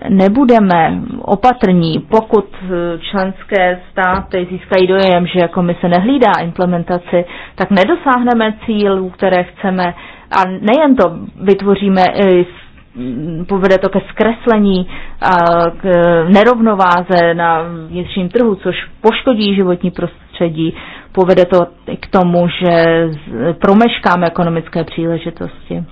nebudeme opatrní, pokud eh, členské státy získají dojem, že komise nehlídá implementaci, tak nedosáhneme cílů, které chceme a nejen to vytvoříme povede to ke zkreslení a k e, nerovnováze na vnitřním trhu, což poškodí životní prostředí, povede to k tomu, že promeškáme ekonomické příležitosti.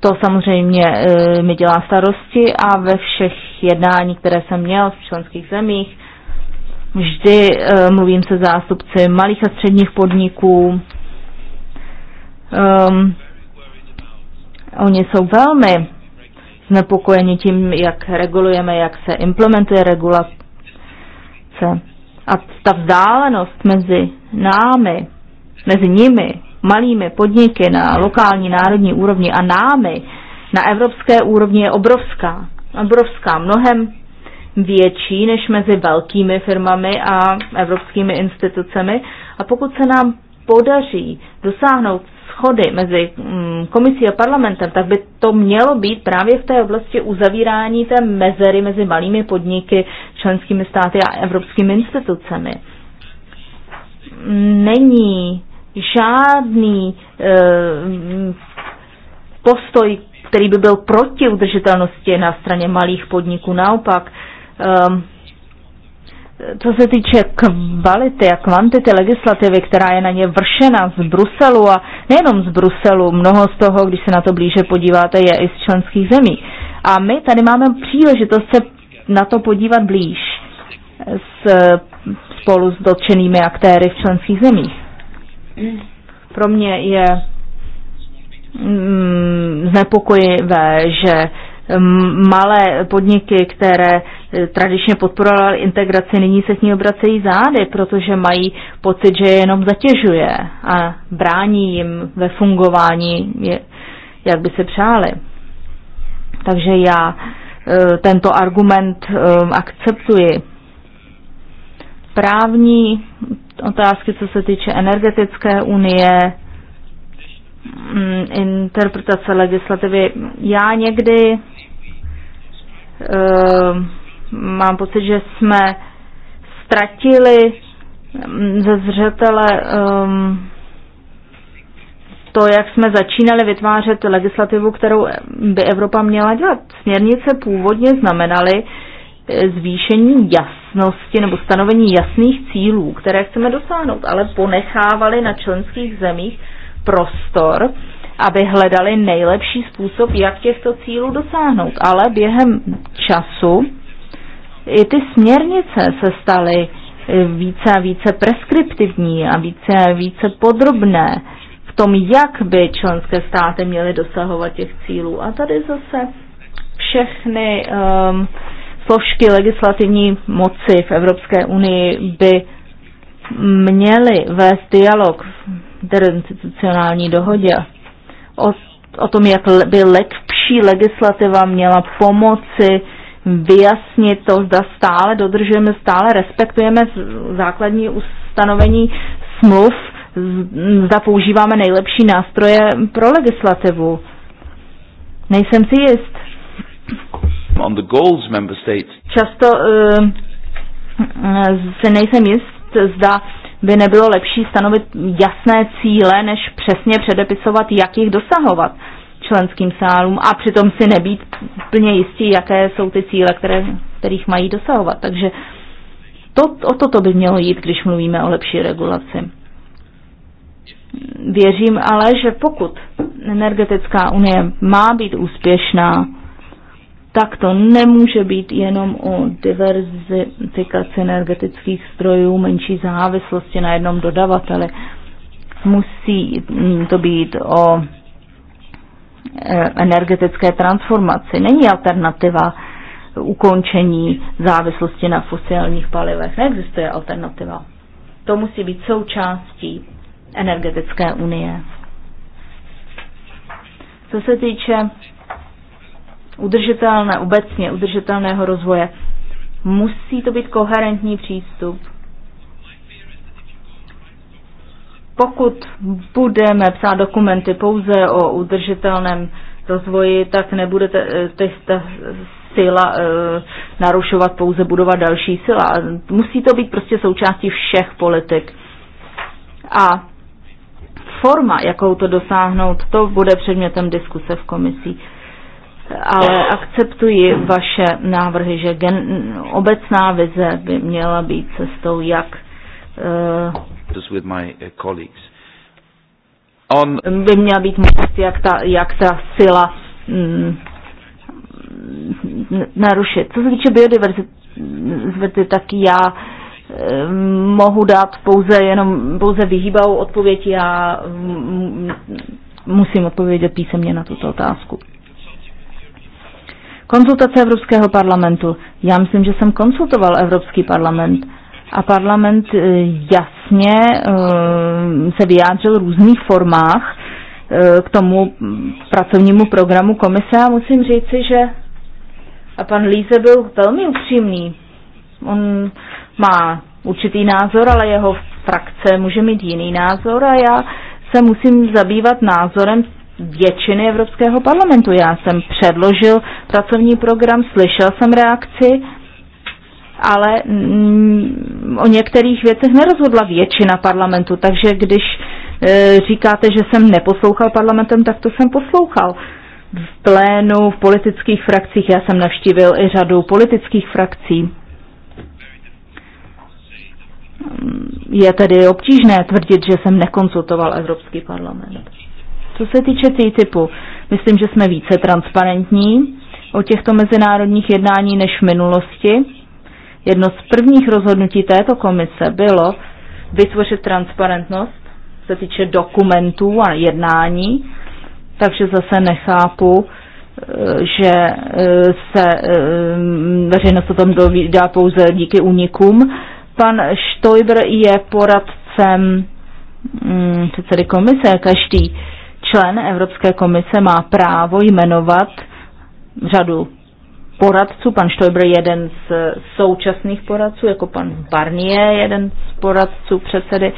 To samozřejmě e, mi dělá starosti a ve všech jednání, které jsem měl v členských zemích, vždy e, mluvím se zástupci malých a středních podniků. E, oni jsou velmi znepokojeni tím, jak regulujeme, jak se implementuje regulace. A ta vzdálenost mezi námi, mezi nimi, malými podniky na lokální, národní úrovni a námi na evropské úrovni je obrovská. Obrovská, mnohem větší než mezi velkými firmami a evropskými institucemi. A pokud se nám podaří dosáhnout schody mezi mm, komisí a parlamentem, tak by to mělo být právě v té oblasti uzavírání té mezery mezi malými podniky, členskými státy a evropskými institucemi. Není žádný e, postoj, který by byl proti udržitelnosti na straně malých podniků. Naopak, e, co se týče kvality a kvantity legislativy, která je na ně vršena z Bruselu a nejenom z Bruselu, mnoho z toho, když se na to blíže podíváte, je i z členských zemí. A my tady máme příležitost se na to podívat blíž s, spolu s dotčenými aktéry v členských zemích. Pro mě je mm, znepokojivé, že malé podniky, které eh, tradičně podporovaly integraci, nyní se s ní obracejí zády, protože mají pocit, že je jenom zatěžuje a brání jim ve fungování, jak by se přáli. Takže já eh, tento argument akceptuji. Právní otázky, co se týče energetické unie, Mm, interpretace legislativy. Já někdy e, mám pocit, že jsme ztratili mm, ze zřetele e, to, jak jsme začínali vytvářet legislativu, kterou by Evropa měla dělat. Směrnice původně znamenaly eh, zvýšení jasnosti nebo stanovení jasných cílů, které chceme dosáhnout, ale ponechávali na členských zemích prostor, aby hledali nejlepší způsob, jak těchto cílů dosáhnout. Ale během času i ty směrnice se staly více a více preskriptivní a více a více podrobné v tom, jak by členské státy měly dosahovat těch cílů. A tady zase všechny um, složky legislativní moci v Evropské unii by měly vést dialog interinstitucionální dohodě. O, o tom, jak by lepší legislativa měla pomoci vyjasnit to, zda stále dodržujeme, stále respektujeme základní ustanovení smluv, zda používáme nejlepší nástroje pro legislativu. Nejsem si jist. On the goals member states. Často uh, se nejsem jist, zda by nebylo lepší stanovit jasné cíle, než přesně předepisovat, jak jich dosahovat členským sálům a přitom si nebýt plně jistí, jaké jsou ty cíle, které, kterých mají dosahovat. Takže to, o toto by mělo jít, když mluvíme o lepší regulaci. Věřím ale, že pokud energetická unie má být úspěšná, tak to nemůže být jenom o diverzifikaci energetických strojů, menší závislosti na jednom dodavateli. Musí mm, to být o eh, energetické transformaci. Není alternativa ukončení závislosti na fosilních palivech. Neexistuje alternativa. To musí být součástí energetické unie. Co se týče udržitelné, obecně udržitelného rozvoje. Musí to být koherentní přístup. Pokud budeme psát dokumenty pouze o udržitelném rozvoji, tak nebude eh, ta síla e, eh, narušovat, pouze budovat další síla. Musí to být prostě součástí všech politik. A forma, jakou to dosáhnout, to bude předmětem diskuse v komisí ale akceptuji vaše návrhy, že gen, obecná vize by měla být cestou, jak uh, by měla být možnost, jak ta, jak ta sila mm, narušit. Co se týče biodiverzity, tak já eh, mohu dát pouze jenom pouze vyhýbavou odpověď, a mm, mm, musím odpovědět písemně na tuto otázku. Konzultace Evropského parlamentu. Já myslím, že jsem konsultoval Evropský parlament a parlament eh, jasně eh, se vyjádřil v různých formách eh, k tomu pracovnímu programu komise a musím říci, že a pan Líze byl velmi upřímný. On má určitý názor, ale jeho frakce může mít jiný názor a já se musím zabývat názorem většiny Evropského parlamentu. Já jsem předložil pracovní program, slyšel jsem reakci, ale mm, o některých věcech nerozhodla většina parlamentu, takže když e, říkáte, že jsem neposlouchal parlamentem, tak to jsem poslouchal. V plénu, v politických frakcích, já jsem navštívil i řadu politických frakcí. Mm, je tedy obtížné tvrdit, že jsem nekonsultoval Evropský parlament. Co se týče TTIPu, myslím, že jsme více transparentní o těchto mezinárodních jednání než v minulosti. Jedno z prvních rozhodnutí této komise bylo vytvořit transparentnost, se týče dokumentů a jednání, takže zase nechápu, eh, že eh, se eh, veřejnost o tom dovídá pouze díky únikům. Pan Štojbr je poradcem mm, předsedy komise každý člen Evropské komise má právo jmenovat řadu poradců, pan Stoiber jeden z současných poradců, jako pan Barnier jeden z poradců předsedy.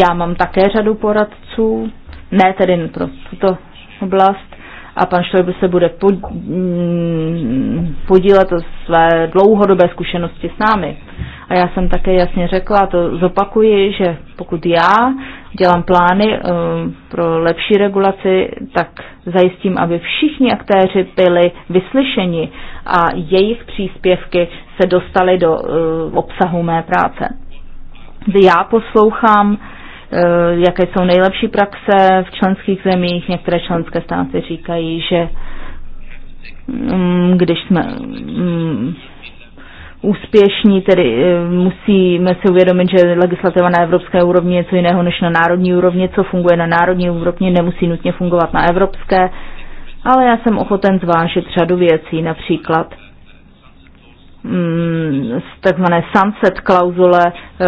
Já mám také řadu poradců, ne tedy pro tuto oblast a pan Štojbl se bude mm, podílet o své dlouhodobé zkušenosti s námi. A já jsem také jasně řekla, a to zopakuji, že pokud já dělám plány eh, pro lepší regulaci, tak zajistím, aby všichni aktéři byli vyslyšeni a jejich příspěvky se dostaly do eh, obsahu mé práce. já poslouchám Eh, jaké jsou nejlepší praxe v členských zemích. Některé členské státy říkají, že mm, když jsme mm, úspěšní, tedy eh, musíme si uvědomit, že legislativa na evropské úrovni je co jiného než na národní úrovni, co funguje na národní úrovni, nemusí nutně fungovat na evropské, ale já jsem ochoten zvážit řadu věcí, například Mm, takzvané sunset klauzule eh,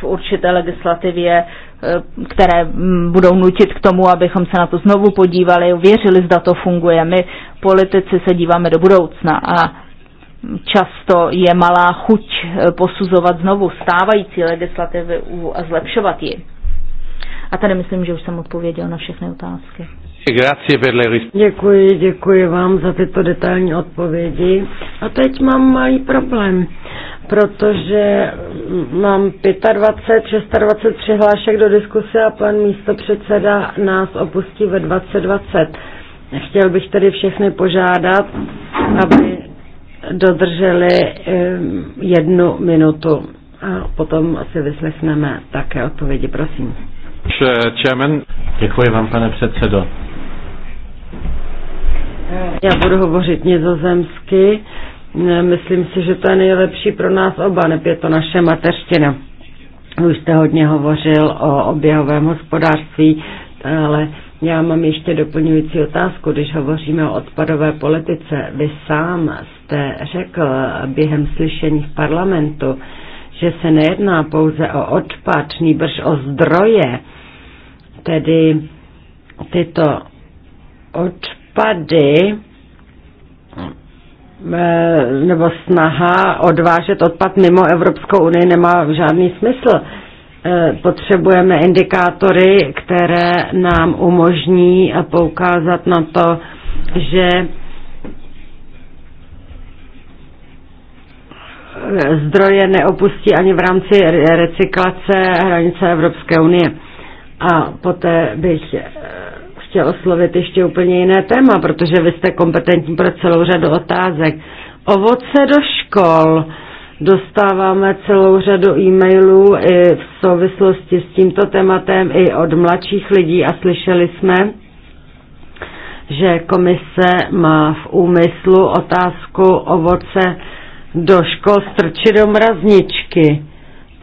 v určité legislativě, eh, které mm, budou nutit k tomu, abychom se na to znovu podívali, věřili, zda to funguje. My politici se díváme do budoucna a často je malá chuť eh, posuzovat znovu stávající legislativy a zlepšovat ji. A tady myslím, že už jsem odpověděl na všechny otázky. Děkuji, děkuji vám za tyto detailní odpovědi. A teď mám malý problém, protože mám 25, 26 přihlášek do diskuse a pan místo předseda nás opustí ve 2020. Chtěl bych tedy všechny požádat, aby dodrželi jednu minutu a potom asi vyslechneme také odpovědi, prosím. Chairman. Děkuji vám, pane předsedo. Já budu hovořit nizozemsky. Myslím si, že to je nejlepší pro nás oba, neb je to naše mateřština. Už jste hodně hovořil o oběhovém hospodářství, ale já mám ještě doplňující otázku. Když hovoříme o odpadové politice, vy sám jste řekl během slyšení v parlamentu, že se nejedná pouze o odpad, nýbrž o zdroje, tedy tyto odpady nápady eh, nebo snaha odvážet odpad mimo Evropskou unii nemá žádný smysl. Eh, potřebujeme indikátory, které nám umožní poukázat na to, že eh, zdroje neopustí ani v rámci recyklace hranice Evropské unie. A poté bych chtěl oslovit ještě úplně jiné téma, protože vy jste kompetentní pro celou řadu otázek. Ovoce do škol. Dostáváme celou řadu e-mailů i v souvislosti s tímto tématem i od mladších lidí a slyšeli jsme, že komise má v úmyslu otázku ovoce do škol strčit do mrazničky.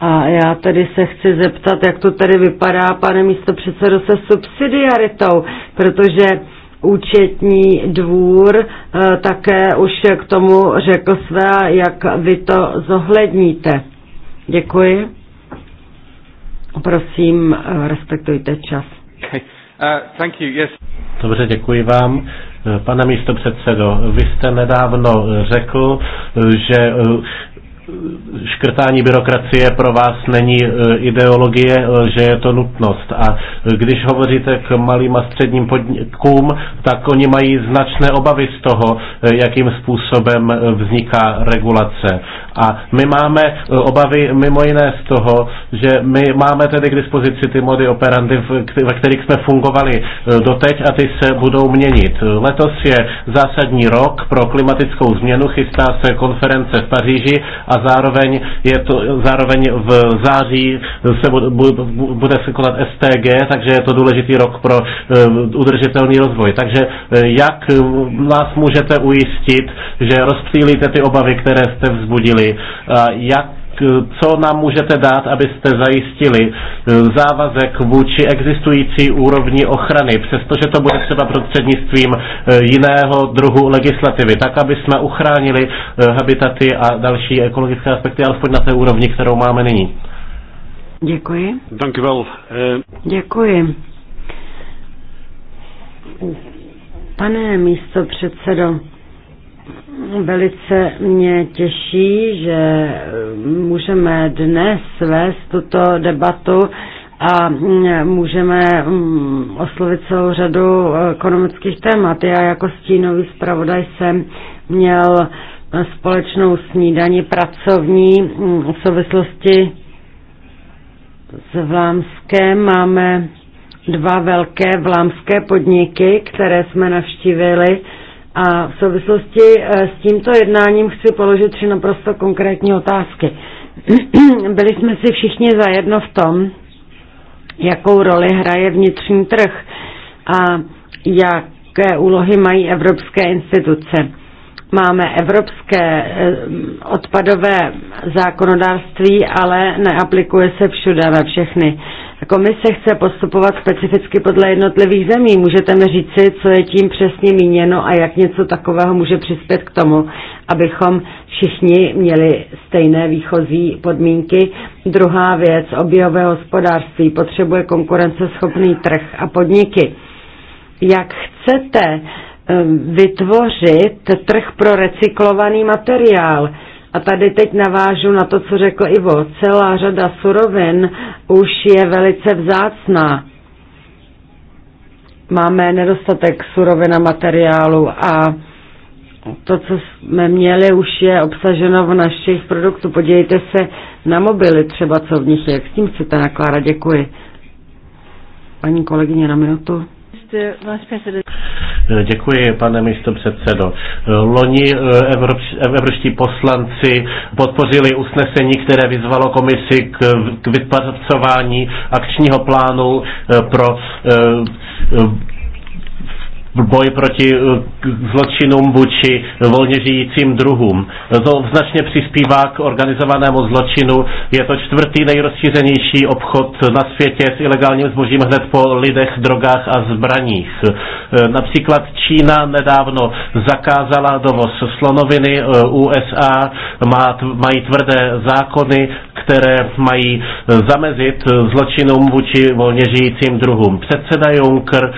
A já tady se chci zeptat, jak to tady vypadá, pane místo předsedo, se subsidiaritou, protože účetní dvůr e, také už k tomu řekl své, jak vy to zohledníte. Děkuji. Prosím, e, respektujte čas. Okay. Uh, thank you. Yes. Dobře, děkuji vám. E, pane místo předsedo, vy jste nedávno řekl, že škrtání byrokracie pro vás není e, ideologie, e, že je to nutnost. A když hovoříte k malým a středním podnikům, tak oni mají značné obavy z toho, e, jakým způsobem vzniká regulace. A my máme obavy mimo jiné z toho, že my máme tedy k dispozici ty mody operandy, ve kterých jsme fungovali doteď a ty se budou měnit. Letos je zásadní rok pro klimatickou změnu, chystá se konference v Paříži a zároveň, je to, zároveň v září se bude, bude se konat STG, takže je to důležitý rok pro eh, udržitelný rozvoj. Takže eh, jak nás můžete ujistit, že rozptýlíte ty obavy, které jste vzbudili, jak Eh, co nám můžete dát, abyste zajistili eh, závazek vůči existující úrovni ochrany, přestože to bude třeba prostřednictvím eh, jiného druhu legislativy, tak, aby jsme uchránili habitaty a další ekologické aspekty, alespoň na té úrovni, kterou máme nyní. Děkuji. Děkuji. Pane místo předsedo, Velice mě těší, že můžeme dnes vést tuto debatu a můžeme mm, oslovit celou řadu ekonomických témat. Já jako stínový zpravodaj jsem měl společnou snídaní pracovní mm, v souvislosti s Vlámskem. Máme dva velké vlámské podniky, které jsme navštívili a v souvislosti eh, s tímto jednáním chci položit tři naprosto konkrétní otázky. Byli jsme si všichni zajedno v tom, jakou roli hraje vnitřní trh a jaké úlohy mají evropské instituce. Máme evropské eh, odpadové zákonodárství, ale neaplikuje se všude na všechny. Komise chce postupovat specificky podle jednotlivých zemí. Můžete mi říci, co je tím přesně míněno a jak něco takového může přispět k tomu, abychom všichni měli stejné výchozí podmínky. Druhá věc, objevové hospodářství potřebuje konkurenceschopný trh a podniky. Jak chcete eh, vytvořit trh pro recyklovaný materiál? A tady teď navážu na to, co řekl Ivo. Celá řada surovin už je velice vzácná. Máme nedostatek surovin a materiálu a to, co jsme měli, už je obsaženo v našich produktů. Podívejte se na mobily třeba, co v nich je. Jak s tím chcete nakládat? Děkuji. Paní kolegyně na minutu. Eh, děkuji, pane místo předsedo. Eh, loni eh, evropští poslanci podpořili usnesení, které vyzvalo komisi k, k vypracování akčního plánu pro boj proti eh, zločinům vůči volně žijícím druhům. To značně přispívá k organizovanému zločinu. Je to čtvrtý nejrozšířenější obchod na světě s ilegálním zbožím hned po lidech, drogách a zbraních. Eh, například Čína nedávno zakázala dovoz slonoviny, eh, USA mají tvrdé zákony, které mají zamezit zločinům vůči volně žijícím druhům. Předseda Juncker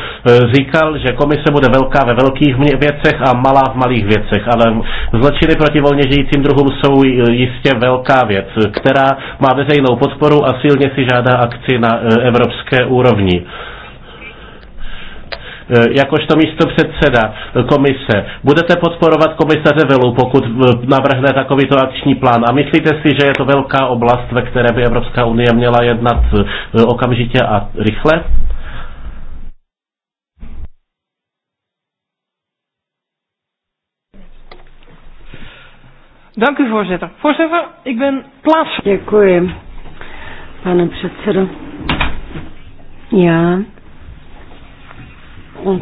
říkal, že komise koalice bude velká ve velkých věcech a malá v malých věcech, ale zločiny proti volně žijícím druhům jsou jistě velká věc, která má veřejnou podporu a silně si žádá akci na e, evropské úrovni e, jakožto místo předseda komise. Budete podporovat komisaře Velu, pokud e, navrhne takovýto akční plán. A myslíte si, že je to velká oblast, ve které by Evropská unie měla jednat okamžitě a rychle? Dank u voorzitter. Voorzitter, ik ben plaats... Děkuji, pane předsedo. Já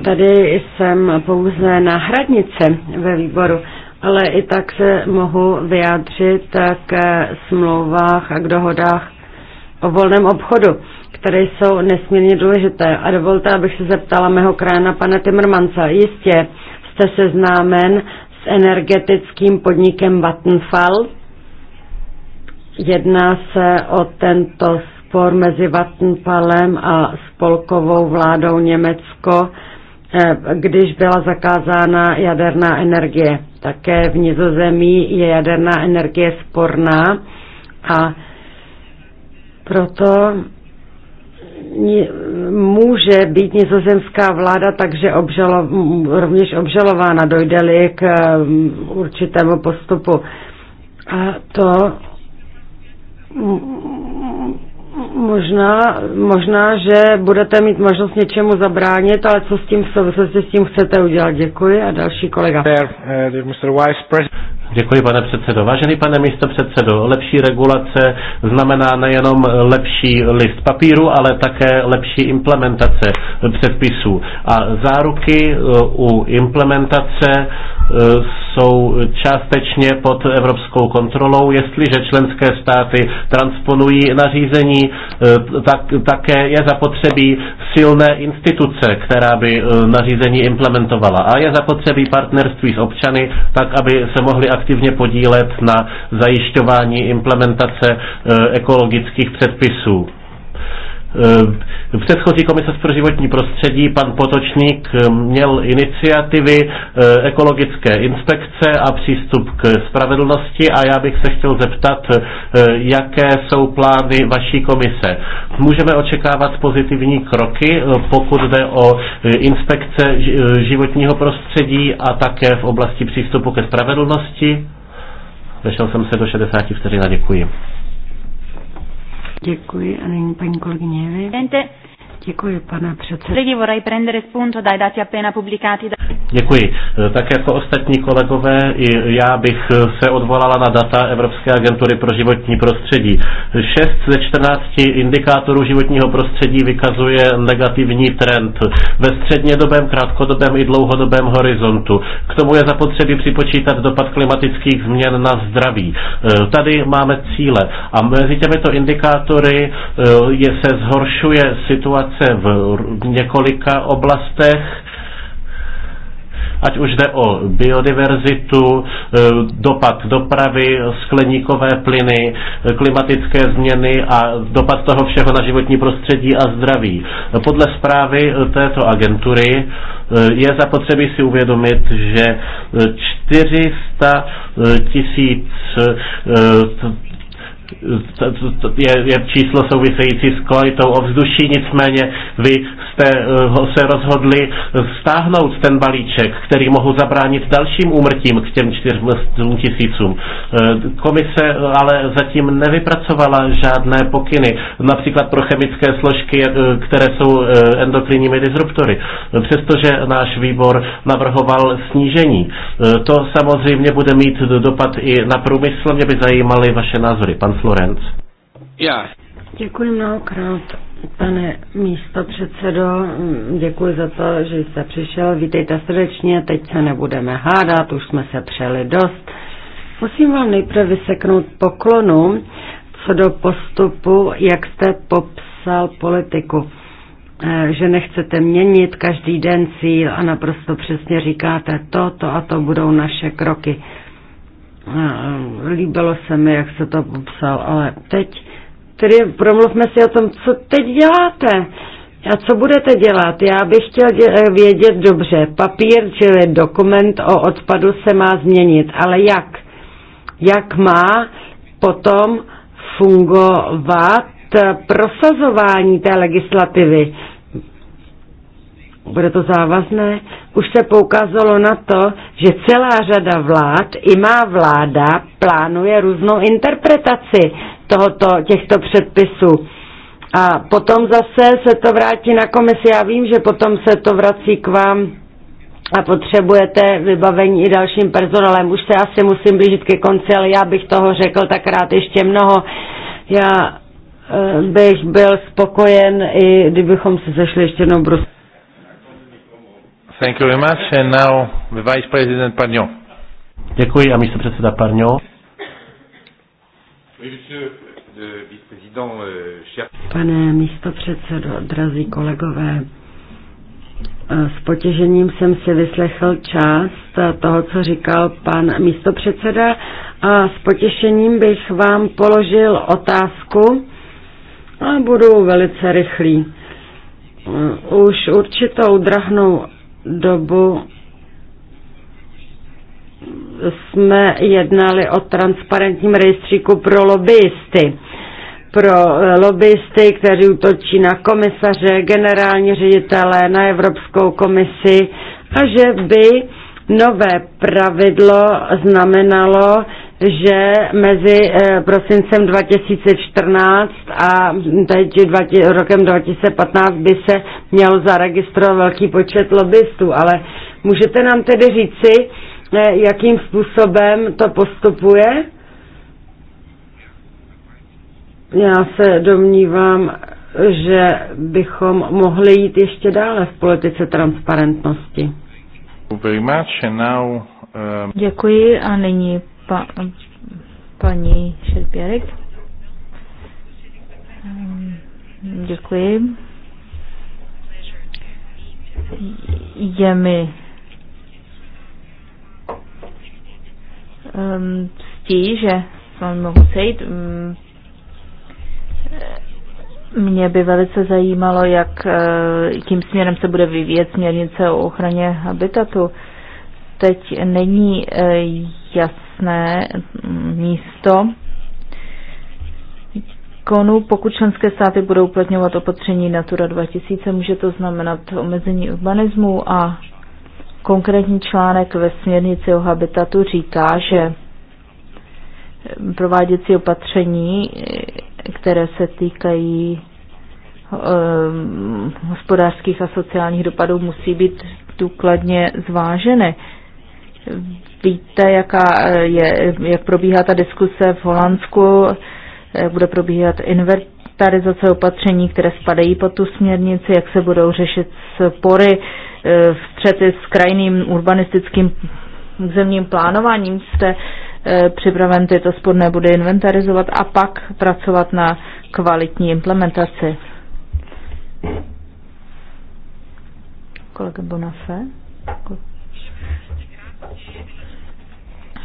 tady jsem pouze na hradnice ve výboru, ale i tak se mohu vyjádřit k smlouvách a k dohodách o volném obchodu, které jsou nesmírně důležité. A dovolte, abych se zeptala mého krána, pana Timmermansa. Jistě jste seznámen energetickým podnikem Vattenfall. Jedná se o tento spor mezi Vattenfallem a spolkovou vládou Německo, eh, když byla zakázána jaderná energie. Také v Nizozemí je jaderná energie sporná a proto může být nizozemská vláda takže obžalo, rovněž obžalována, dojde-li k um, určitému postupu. A to možná, možná, že budete mít možnost něčemu zabránit, ale co s tím v souvislosti s tím chcete udělat? Děkuji a další kolega. Uh, Děkuji, pane předsedo. Vážený pane místo předsedo, lepší regulace znamená nejenom lepší list papíru, ale také lepší implementace předpisů. A záruky eh, u implementace eh, jsou částečně pod evropskou kontrolou, jestliže členské státy transponují nařízení, eh, tak také je zapotřebí silné instituce, která by nařízení implementovala. A je zapotřebí partnerství s občany, tak aby se mohli aktivovat aktivně podílet na zajišťování implementace eh, ekologických předpisů. Eh, předchozí komisař pro životní prostředí, pan Potočník, eh, měl iniciativy eh, ekologické inspekce a přístup k spravedlnosti a já bych se chtěl zeptat, jaké jsou plány vaší komise. Můžeme očekávat pozitivní kroky, pokud jde o inspekce životního prostředí a také v oblasti přístupu ke spravedlnosti? Vešel jsem se do 60 vteřin a děkuji. Děkuji a nyní paní kolegyně. Děkuji, pane předsedo. Děkuji. Tak jako ostatní kolegové, já bych se odvolala na data Evropské agentury pro životní prostředí. 6 ze 14 indikátorů životního prostředí vykazuje negativní trend ve střednědobém, krátkodobém i dlouhodobém horizontu. K tomu je zapotřebí připočítat dopad klimatických změn na zdraví. Eh, tady máme cíle a mezi těmito indikátory eh, je, se zhoršuje situace práce v několika oblastech, ať už jde o biodiverzitu, e, dopad dopravy, skleníkové plyny, e, klimatické změny a dopad toho všeho na životní prostředí a zdraví. Podle zprávy e, této agentury je zapotřebí si uvědomit, že 400 tisíc je, je číslo související s kvalitou ovzduší, nicméně vy jste eh, se rozhodli stáhnout ten balíček, který mohl zabránit dalším úmrtím k těm čtyřm tisícům. Eh, komise ale zatím nevypracovala žádné pokyny, například pro chemické složky, eh, které jsou endokrinními disruptory, přestože náš výbor navrhoval snížení. To samozřejmě bude mít dopad i na průmysl, mě by zajímaly vaše názory. Pan Florence. Já. Děkuji mnohokrát, pane místo předsedo. Děkuji za to, že jste přišel. Vítejte srdečně, teď se nebudeme hádat, už jsme se přeli dost. Musím vám nejprve vyseknout poklonu co do postupu, jak jste popsal politiku eh, že nechcete měnit každý den cíl a naprosto přesně říkáte to, to a to budou naše kroky líbilo se mi, jak se to popsal, ale teď, tedy promluvme si o tom, co teď děláte a co budete dělat. Já bych chtěl eh, vědět dobře, papír, čili dokument o odpadu se má změnit, ale jak? Jak má potom fungovat prosazování té legislativy? bude to závazné, už se poukázalo na to, že celá řada vlád, i má vláda, plánuje různou interpretaci tohoto, těchto předpisů. A potom zase se to vrátí na komisi. Já vím, že potom se to vrací k vám a potřebujete vybavení i dalším personálem. Už se asi musím blížit ke konci, ale já bych toho řekl tak rád ještě mnoho. Já eh, bych byl spokojen, i kdybychom se sešli ještě jednou v Bruselu. Thank you very much. And now the Vice President Parňo. Děkuji a místo předseda Pagnon. Pane místo předsedo, drazí kolegové, s potěžením jsem si vyslechl část toho, co říkal pan předseda a s potěšením bych vám položil otázku a budu velice rychlý. Už určitou drahnou dobu jsme jednali o transparentním rejstříku pro lobbyisty. Pro eh, lobbyisty, kteří útočí na komisaře, generální ředitele, na Evropskou komisi a že by nové pravidlo znamenalo, že mezi eh, prosincem 2014 a teď rokem 2015 by se měl zaregistrovat velký počet lobbystů, ale můžete nám tedy říci, eh, jakým způsobem to postupuje? Já se domnívám, že bychom mohli jít ještě dále v politice transparentnosti. Um, Děkuji a nyní pa, paní Šerpěrek. Děkuji. Je mi um, ctí, že s vámi mohu sejít. Um, mě by velice zajímalo, jak tím uh, směrem se bude vyvíjet směrnice o ochraně habitatu. Teď není uh, jasné, krásné místo konu, pokud členské státy budou uplatňovat opatření Natura 2000, může to znamenat omezení urbanismu a konkrétní článek ve směrnici o habitatu říká, že prováděcí opatření, které se týkají um, hospodářských a sociálních dopadů, musí být důkladně zváženy. Víte, jaká eh, je, jak probíhá ta diskuse v Holandsku, eh, bude probíhat inventarizace opatření, které spadají pod tu směrnici, jak se budou řešit spory, eh, střety s krajným urbanistickým zemním plánováním. Jste připraven tyto sporné bude inventarizovat a pak pracovat na kvalitní implementaci. Kolega Bonafé?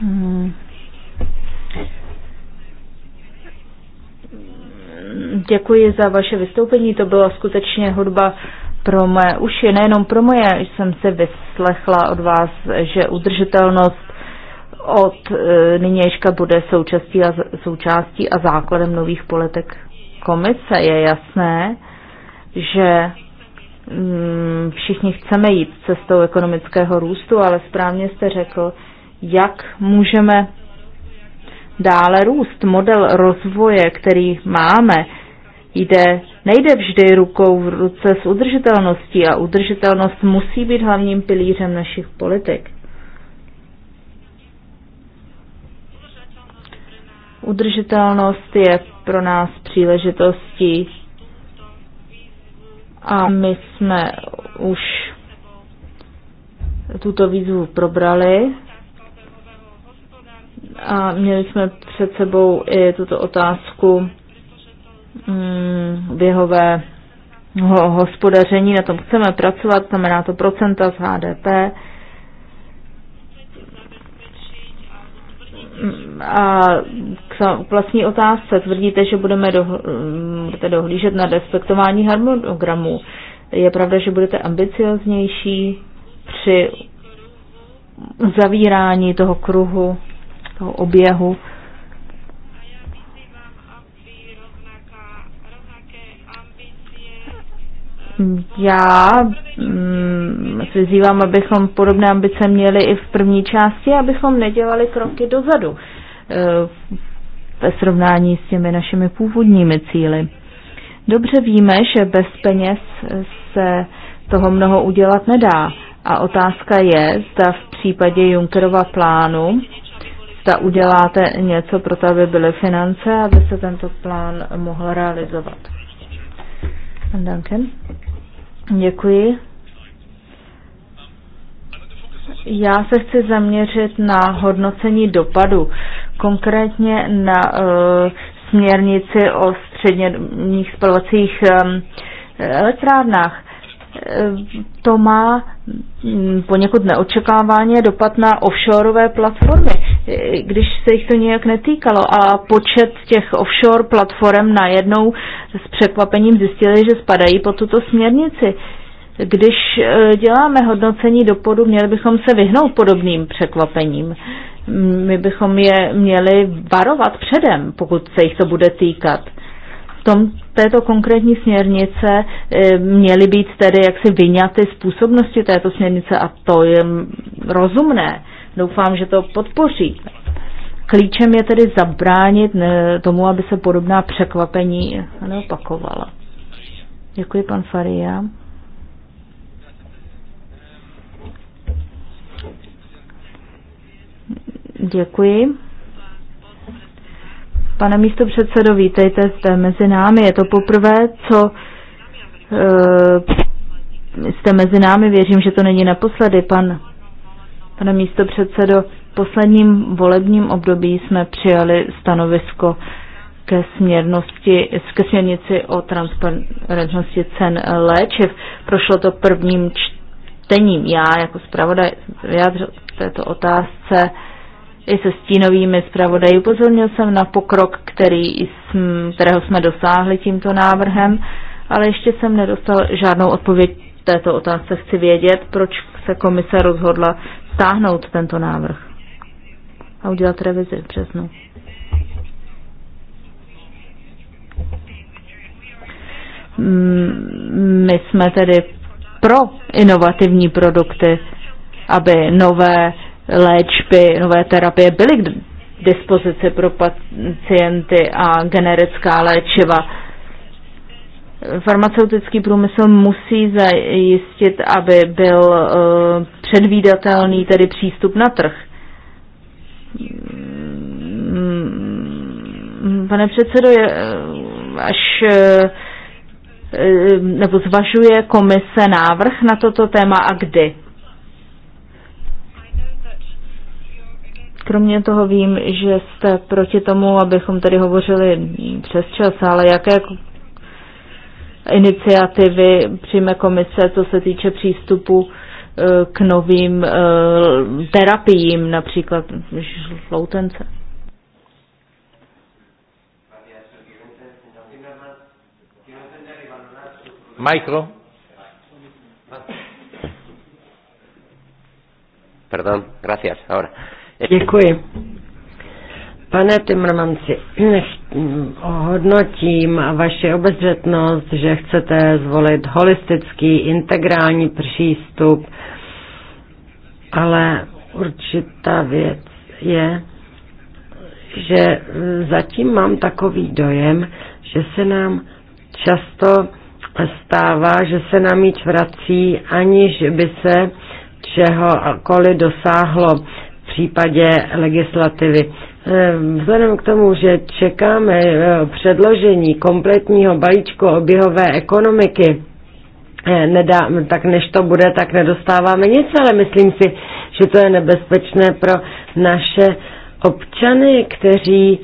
Hmm. Děkuji za vaše vystoupení, to byla skutečně hudba pro moje uši, nejenom pro moje, jsem se vyslechla od vás, že udržitelnost od e, nynějška bude součástí a, součástí a základem nových politik komise. Je jasné, že mm, všichni chceme jít cestou ekonomického růstu, ale správně jste řekl, jak můžeme dále růst. Model rozvoje, který máme, jde, nejde vždy rukou v ruce s udržitelností a udržitelnost musí být hlavním pilířem našich politik. Udržitelnost je pro nás příležitostí a my jsme už tuto výzvu probrali a měli jsme před sebou i tuto otázku mm, běhové hospodaření, na tom chceme pracovat, znamená to procenta z HDP. Mm, a k vlastní otázce tvrdíte, že budeme do, mm, budete dohlížet na respektování harmonogramu. Je pravda, že budete ambicioznější při zavírání toho kruhu toho oběhu. Já mm, vyzývám, abychom podobné ambice měli i v první části, abychom nedělali kroky dozadu eh, ve srovnání s těmi našimi původními cíly. Dobře víme, že bez peněz se toho mnoho udělat nedá. A otázka je, zda v případě Junckerova plánu zda uděláte něco pro to, aby byly finance, aby se tento plán mohl realizovat. Duncan. Děkuji. Já se chci zaměřit na hodnocení dopadu, konkrétně na uh, směrnici o středních spalovacích um, elektrárnách to má poněkud neočekávání dopad na offshoreové platformy, když se jich to nějak netýkalo. A počet těch offshore platform najednou s překvapením zjistili, že spadají pod tuto směrnici. Když e, děláme hodnocení dopodu, měli bychom se vyhnout podobným překvapením. My bychom je měli varovat předem, pokud se jich to bude týkat tom, této konkrétní směrnice eh, měly být tedy jaksi vyňaty z působnosti této směrnice a to je rozumné. Doufám, že to podpoří. Klíčem je tedy zabránit eh, tomu, aby se podobná překvapení neopakovala. Děkuji, pan Faria. Děkuji. Pane místo předsedo, vítejte zde mezi námi. Je to poprvé, co e, jste mezi námi. Věřím, že to není naposledy. Pan, pane místo předsedo, v posledním volebním období jsme přijali stanovisko ke, směrnosti, ke směrnici o transparentnosti cen léčiv. Prošlo to prvním čtením. Já jako zpravodaj vyjádřil této otázce i se stínovými zpravodaji. Upozornil jsem na pokrok, který jsme, kterého jsme dosáhli tímto návrhem, ale ještě jsem nedostal žádnou odpověď této otázce. Chci vědět, proč se komise rozhodla stáhnout tento návrh a udělat revizi v březnu. Mm, my jsme tedy pro inovativní produkty, aby nové léčby, nové terapie byly k dispozici pro pacienty a generická léčiva. Farmaceutický průmysl musí zajistit, aby byl eh, předvídatelný tedy přístup na trh. Mm, pane předsedo, eh, až eh, nebo zvažuje komise návrh na toto téma a kdy? Kromě toho vím, že jste proti tomu, abychom tady hovořili přes čas, ale jaké iniciativy přijme komise, co se týče přístupu eh, k novým eh, terapiím, například žloutence? Michael. Perdón, gracias. Ahora. Děkuji. Pane Timrmanci, hodnotím vaši obezřetnost, že chcete zvolit holistický, integrální přístup, ale určitá věc je, že zatím mám takový dojem, že se nám často stává, že se nám míč vrací, aniž by se čehokoliv dosáhlo případě legislativy. Eh, vzhledem k tomu, že čekáme eh, předložení kompletního balíčku oběhové ekonomiky, eh, nedá, tak než to bude, tak nedostáváme nic, ale myslím si, že to je nebezpečné pro naše občany, kteří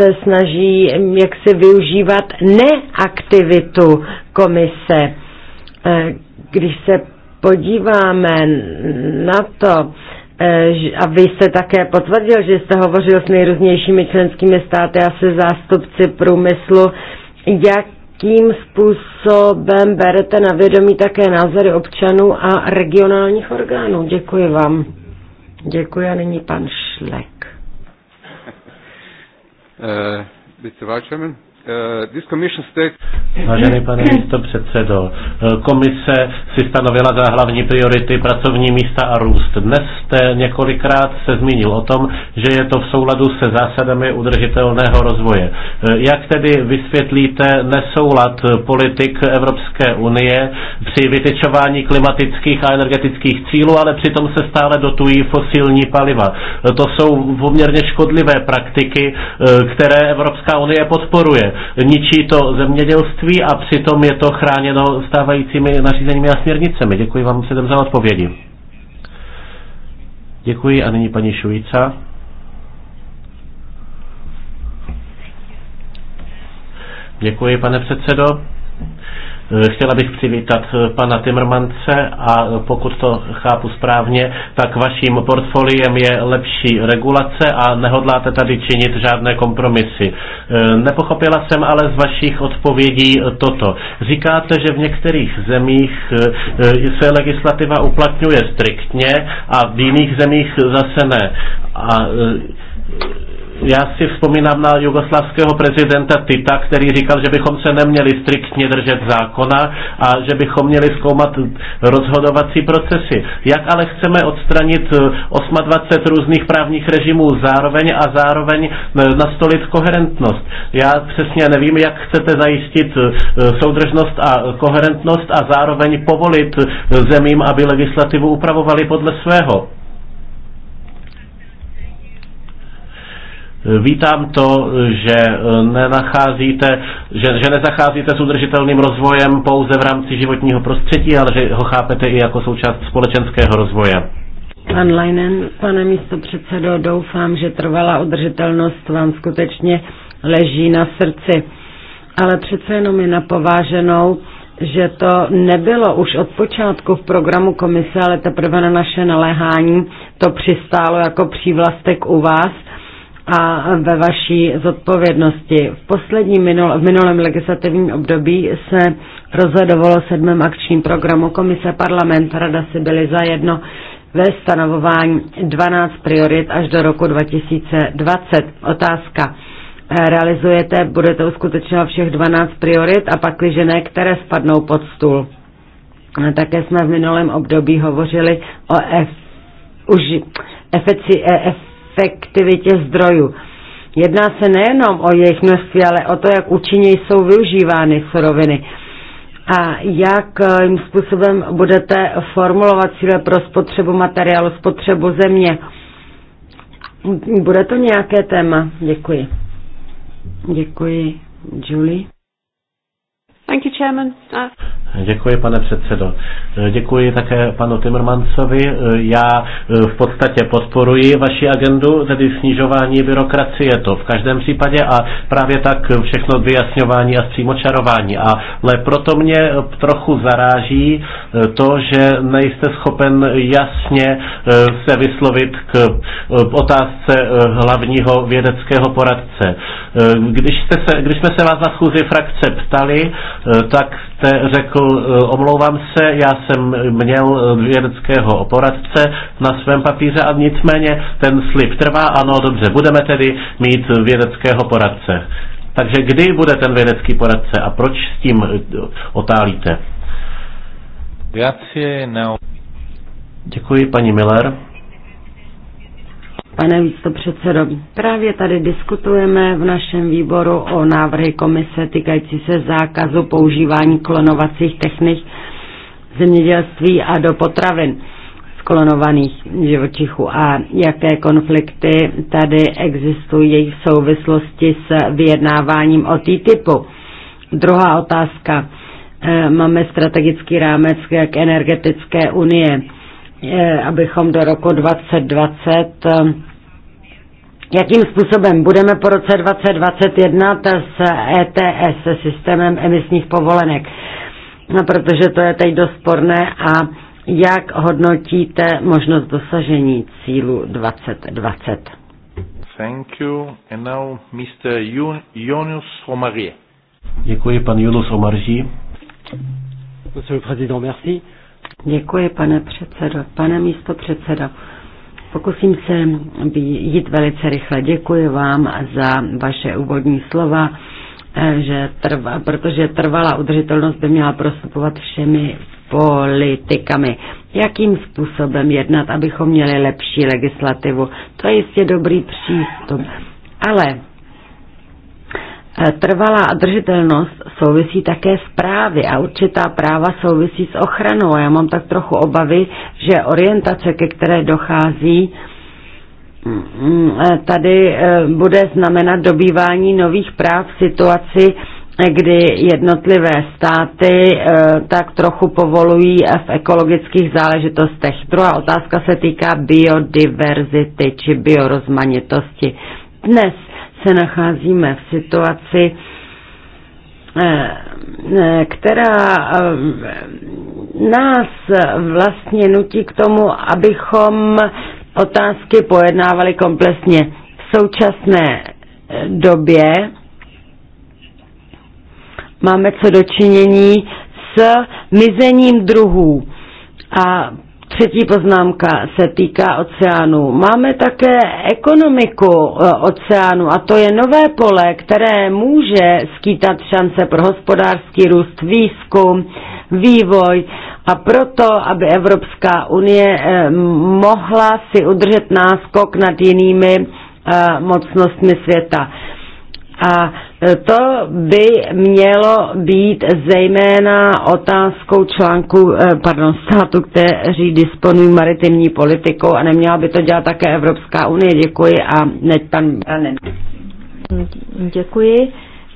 se snaží jak si využívat neaktivitu komise. Když se podíváme na to, Eh, a vy jste také potvrdil, že jste hovořil s nejrůznějšími členskými státy a se zástupci průmyslu, jakým způsobem berete na vědomí také názory občanů a regionálních orgánů. Děkuji vám. Děkuji a nyní pan Šlek. Uh, Uh, Vážený pane místo předsedo, eh, komise si stanovila za hlavní priority pracovní místa a růst. Dnes jste několikrát se zmínil o tom, že je to v souladu se zásadami udržitelného rozvoje. Eh, jak tedy vysvětlíte nesoulad politik Evropské unie při vytečování klimatických a energetických cílů, ale přitom se stále dotují fosilní paliva? Eh, to jsou poměrně škodlivé praktiky, které Evropská unie podporuje Ničí to zemědělství a přitom je to chráněno stávajícími nařízeními a směrnicemi. Děkuji vám předem za odpovědi. Děkuji a nyní paní Šujica. Děkuji, pane předsedo. Eh, chtěla bych přivítat eh, pana Timmermance a pokud to chápu správně, tak vaším portfoliem je lepší regulace a nehodláte tady činit žádné kompromisy. Eh, nepochopila jsem ale z vašich odpovědí toto. Říkáte, že v některých zemích se legislativa uplatňuje striktně a v jiných zemích zase ne. A já si vzpomínám na jugoslavského prezidenta Tita, který říkal, že bychom se neměli striktně držet zákona a že bychom měli zkoumat rozhodovací procesy. Jak ale chceme odstranit 28 eh, různých právních režimů zároveň a zároveň eh, nastolit koherentnost? Já přesně nevím, jak chcete zajistit eh, soudržnost a koherentnost a zároveň povolit zemím, aby legislativu upravovali podle svého. Vítám to, že, eh, nenacházíte, že, že nezacházíte s udržitelným rozvojem pouze v rámci životního prostředí, ale že ho chápete i jako součást společenského rozvoje. Pan Leinen, pane místo předsedo, doufám, že trvalá udržitelnost vám skutečně leží na srdci. Ale přece jenom je napováženou, že to nebylo už od počátku v programu komise, ale teprve na naše naléhání to přistálo jako přívlastek u vás a ve vaší zodpovědnosti. V posledním minul, v minulém legislativním období se rozhodovalo sedmém akčním programu Komise parlament Rada si byly zajedno ve stanovování 12 priorit až do roku 2020. Otázka. Realizujete, budete uskutečňovat všech 12 priorit a pak, když ne, které spadnou pod stůl? Také jsme v minulém období hovořili o F, F, F, ef, e- efektivitě zdrojů. Jedná se nejenom o jejich množství, ale o to, jak účinně jsou využívány suroviny a jakým eh, způsobem budete formulovat cíle pro spotřebu materiálu, spotřebu země. Bude to nějaké téma? Děkuji. Děkuji, Julie. Thank you, Chairman. Uh, Děkuji, pane předsedo. Děkuji také panu Timmermansovi. Já eh, v podstatě podporuji vaši agendu, tedy snižování byrokracie to v každém případě a právě tak všechno vyjasňování a přímočarování. Ale proto mě trochu zaráží eh, to, že nejste schopen jasně eh, se vyslovit k otázce hlavního vědeckého poradce. Když, jste se, když jsme se vás na schůzi frakce ptali, tak jste řekl, e, omlouvám se, já jsem měl e, vědeckého poradce na svém papíře a nicméně ten slib trvá, ano, dobře, budeme tedy mít vědeckého poradce. Takže kdy bude ten vědecký poradce a proč s tím e, otálíte? Děkuji, paní Miller. Pane místopředsedo, právě tady diskutujeme v našem výboru o návrhy komise týkající se zákazu používání klonovacích technik zemědělství a do potravin klonovaných živočichů a jaké konflikty tady existují v souvislosti s vyjednáváním o TTIPu. Druhá otázka. Eh, máme strategický rámec jak energetické unie, eh, abychom do roku 2020 eh, jakým způsobem budeme po roce 2021 s ETS, se systémem emisních povolenek, no, protože to je teď dost sporné a jak hodnotíte možnost dosažení cílu 2020? Thank you. And now Mr. Jonas Omarie. Děkuji, pan Jonas Omarží. Monsieur le Président, merci. Děkuji, pane předsedo. Pane místo předsedo, Pokusím se jít velice rychle. Děkuji vám za vaše úvodní slova, eh, že trva, protože trvalá udržitelnost by měla prostupovat všemi politikami. Jakým způsobem jednat, abychom měli lepší legislativu? To je jistě dobrý přístup. Ale Eh, trvalá držitelnost souvisí také s právy a určitá práva souvisí s ochranou. Já mám tak trochu obavy, že orientace, ke které dochází, mm, mm, eh, tady eh, bude znamenat dobývání nových práv v situaci, kdy jednotlivé státy tak trochu povolují v ekologických záležitostech. Druhá otázka se týká biodiverzity či biorozmanitosti. Dnes se nacházíme v situaci, eh, eh, která eh, nás vlastně nutí k tomu, abychom otázky pojednávali komplexně. V současné době máme co dočinění s mizením druhů. A Třetí poznámka se týká oceánu. Máme také ekonomiku e, oceánu a to je nové pole, které může skýtat šance pro hospodářský růst, výzkum, vývoj a proto, aby Evropská unie e, mohla si udržet náskok nad jinými e, mocnostmi světa. A to by mělo být zejména otázkou článku, eh, pardon, státu, kteří disponují maritimní politikou a neměla by to dělat také Evropská unie. Děkuji a neď pan Branen. Děkuji.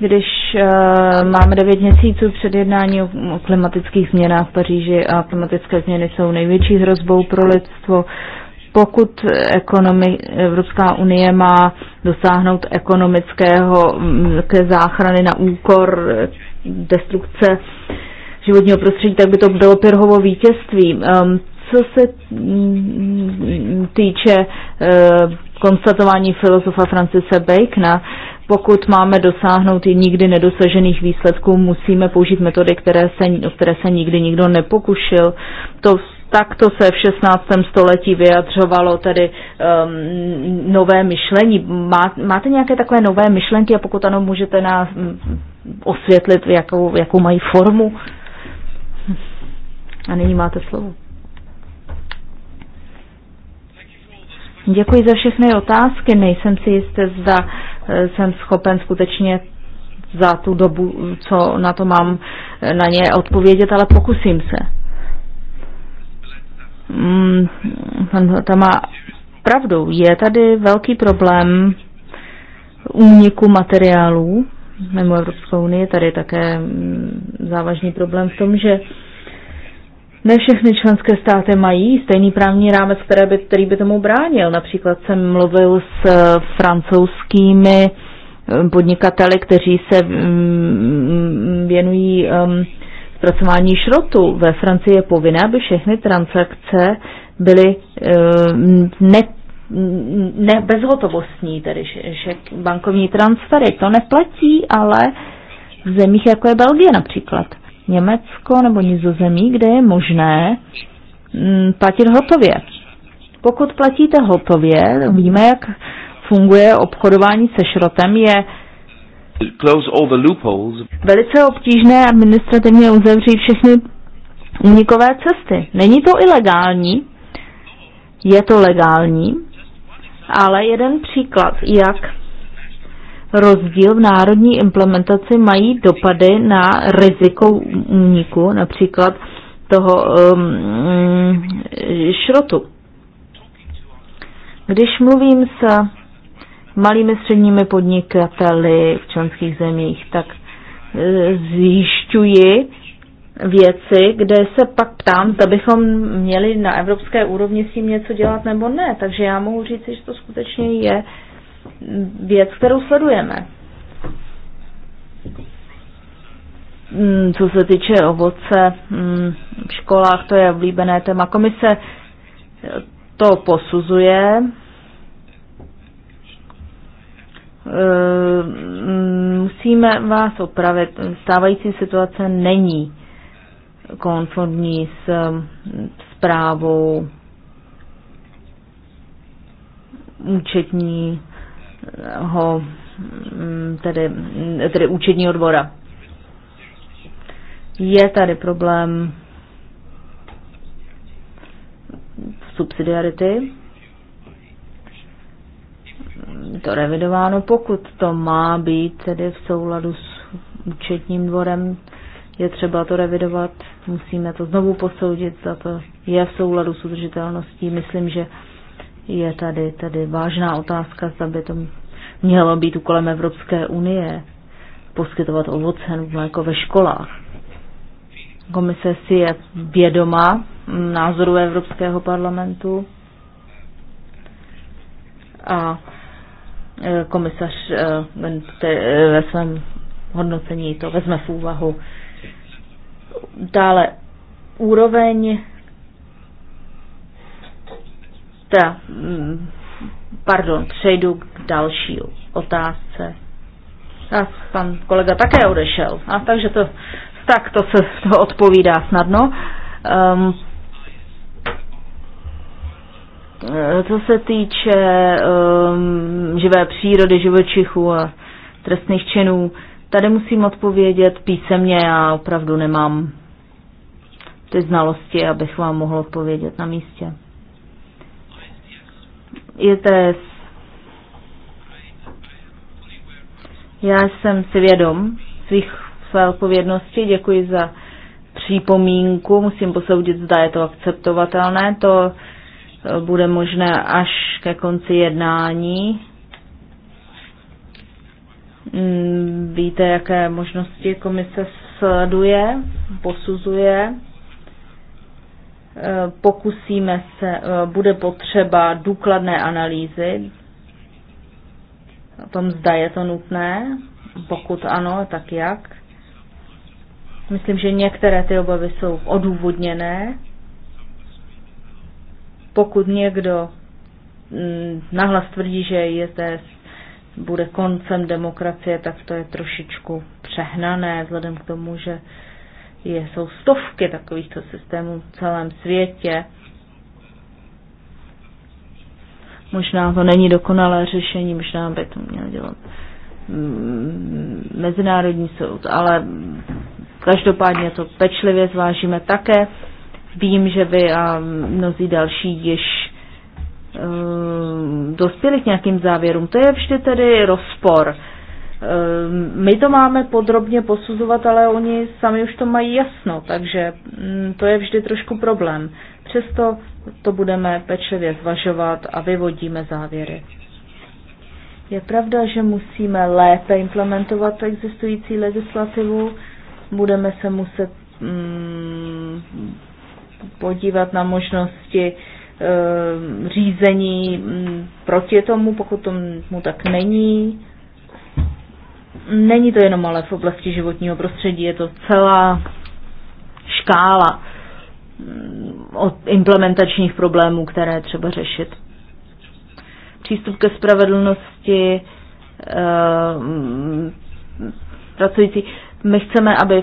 Když uh, máme devět měsíců před jednání o, o klimatických změnách v Paříži a klimatické změny jsou největší hrozbou pro lidstvo, pokud ekonomi, Evropská unie má dosáhnout ekonomického ke mm, záchrany na úkor destrukce životního prostředí, tak by to bylo Pirhovo vítězství. Um, co se mm, týče uh, konstatování filozofa Francise Bacona, pokud máme dosáhnout i nikdy nedosažených výsledků, musíme použít metody, které se, o které se nikdy nikdo nepokušil. To Takto se v 16. století vyjadřovalo tedy um, nové myšlení. Má, máte nějaké takové nové myšlenky a pokud ano, můžete nás mm, osvětlit, jakou, jakou mají formu? A nyní máte slovo. Děkuji za všechny otázky. Nejsem si jistý, zda eh, jsem schopen skutečně za tu dobu, co na to mám eh, na ně odpovědět, ale pokusím se. Mm, pan tam má pravdu, je tady velký problém úniku materiálů mimo Evropskou unii. Tady je také mm, závažný problém v tom, že ne všechny členské státy mají stejný právní rámec, které by, který by tomu bránil. Například jsem mluvil s eh, francouzskými eh, podnikateli, kteří se mm, věnují um, zpracování šrotu. Ve Francii je povinné, aby všechny transakce byly eh, ne, ne bezhotovostní, tedy že bankovní transfery. To neplatí, ale v zemích, jako je Belgie například, Německo nebo Nizozemí, kde je možné mm, platit hotově. Pokud platíte hotově, víme, jak funguje obchodování se šrotem, je Velice obtížné administrativně uzavřít všechny unikové cesty. Není to ilegální, je to legální, ale jeden příklad, jak rozdíl v národní implementaci mají dopady na riziko úniku, například toho um, mm, šrotu. Když mluvím s malými středními podnikateli v členských zemích, tak e, zjišťuji věci, kde se pak ptám, zda bychom měli na evropské úrovni s tím něco dělat nebo ne. Takže já mohu říct, že to skutečně je věc, kterou sledujeme. Mm, co se týče ovoce mm, v školách, to je oblíbené téma. Komise to posuzuje, Eh, musíme vás opravit. Stávající situace není konformní s eh, zprávou účetního, mm, tedy, tedy účetního dvora. Je tady problém subsidiarity, to revidováno, pokud to má být tedy v souladu s účetním dvorem, je třeba to revidovat, musíme to znovu posoudit, za to je v souladu s udržitelností. Myslím, že je tady, tady vážná otázka, zda by to mělo být úkolem Evropské unie poskytovat ovoce nebo ve školách. Komise si je vědoma názoru Evropského parlamentu a Eh, komisař eh, eh, ve svém hodnocení to vezme v úvahu. Dále úroveň ta, mm, pardon, přejdu k další otázce. A pan kolega také odešel, a takže to, tak to se to odpovídá snadno. Um, Eh, co se týče um, živé přírody, živočichů a trestných činů, tady musím odpovědět písemně, já opravdu nemám ty znalosti, abych vám mohl odpovědět na místě. ITS. Já jsem si vědom svých své odpovědnosti, děkuji za připomínku, musím posoudit, zda je to akceptovatelné. To bude možné až ke konci jednání. Mm, víte, jaké možnosti komise sleduje, posuzuje. E, pokusíme se, e, bude potřeba důkladné analýzy o tom, zda je to nutné. Pokud ano, tak jak. Myslím, že některé ty obavy jsou odůvodněné. Pokud někdo mm, nahlas tvrdí, že ISDS bude koncem demokracie, tak to je trošičku přehnané, vzhledem k tomu, že je, jsou stovky takovýchto systémů v celém světě. Možná to není dokonalé řešení, možná by to měl dělat mm, Mezinárodní soud, ale každopádně to pečlivě zvážíme také. Vím, že vy a mnozí další již ehm, dospěli k nějakým závěrům. To je vždy tedy rozpor. Ehm, my to máme podrobně posuzovat, ale oni sami už to mají jasno, takže mm, to je vždy trošku problém. Přesto to budeme pečlivě zvažovat a vyvodíme závěry. Je pravda, že musíme lépe implementovat existující legislativu, budeme se muset mm, podívat na možnosti eh, řízení mm, proti tomu, pokud tomu tak není. Není to jenom ale v oblasti životního prostředí, je to celá škála mm, od implementačních problémů, které třeba řešit. Přístup ke spravedlnosti, eh, mm, pracující. My chceme, aby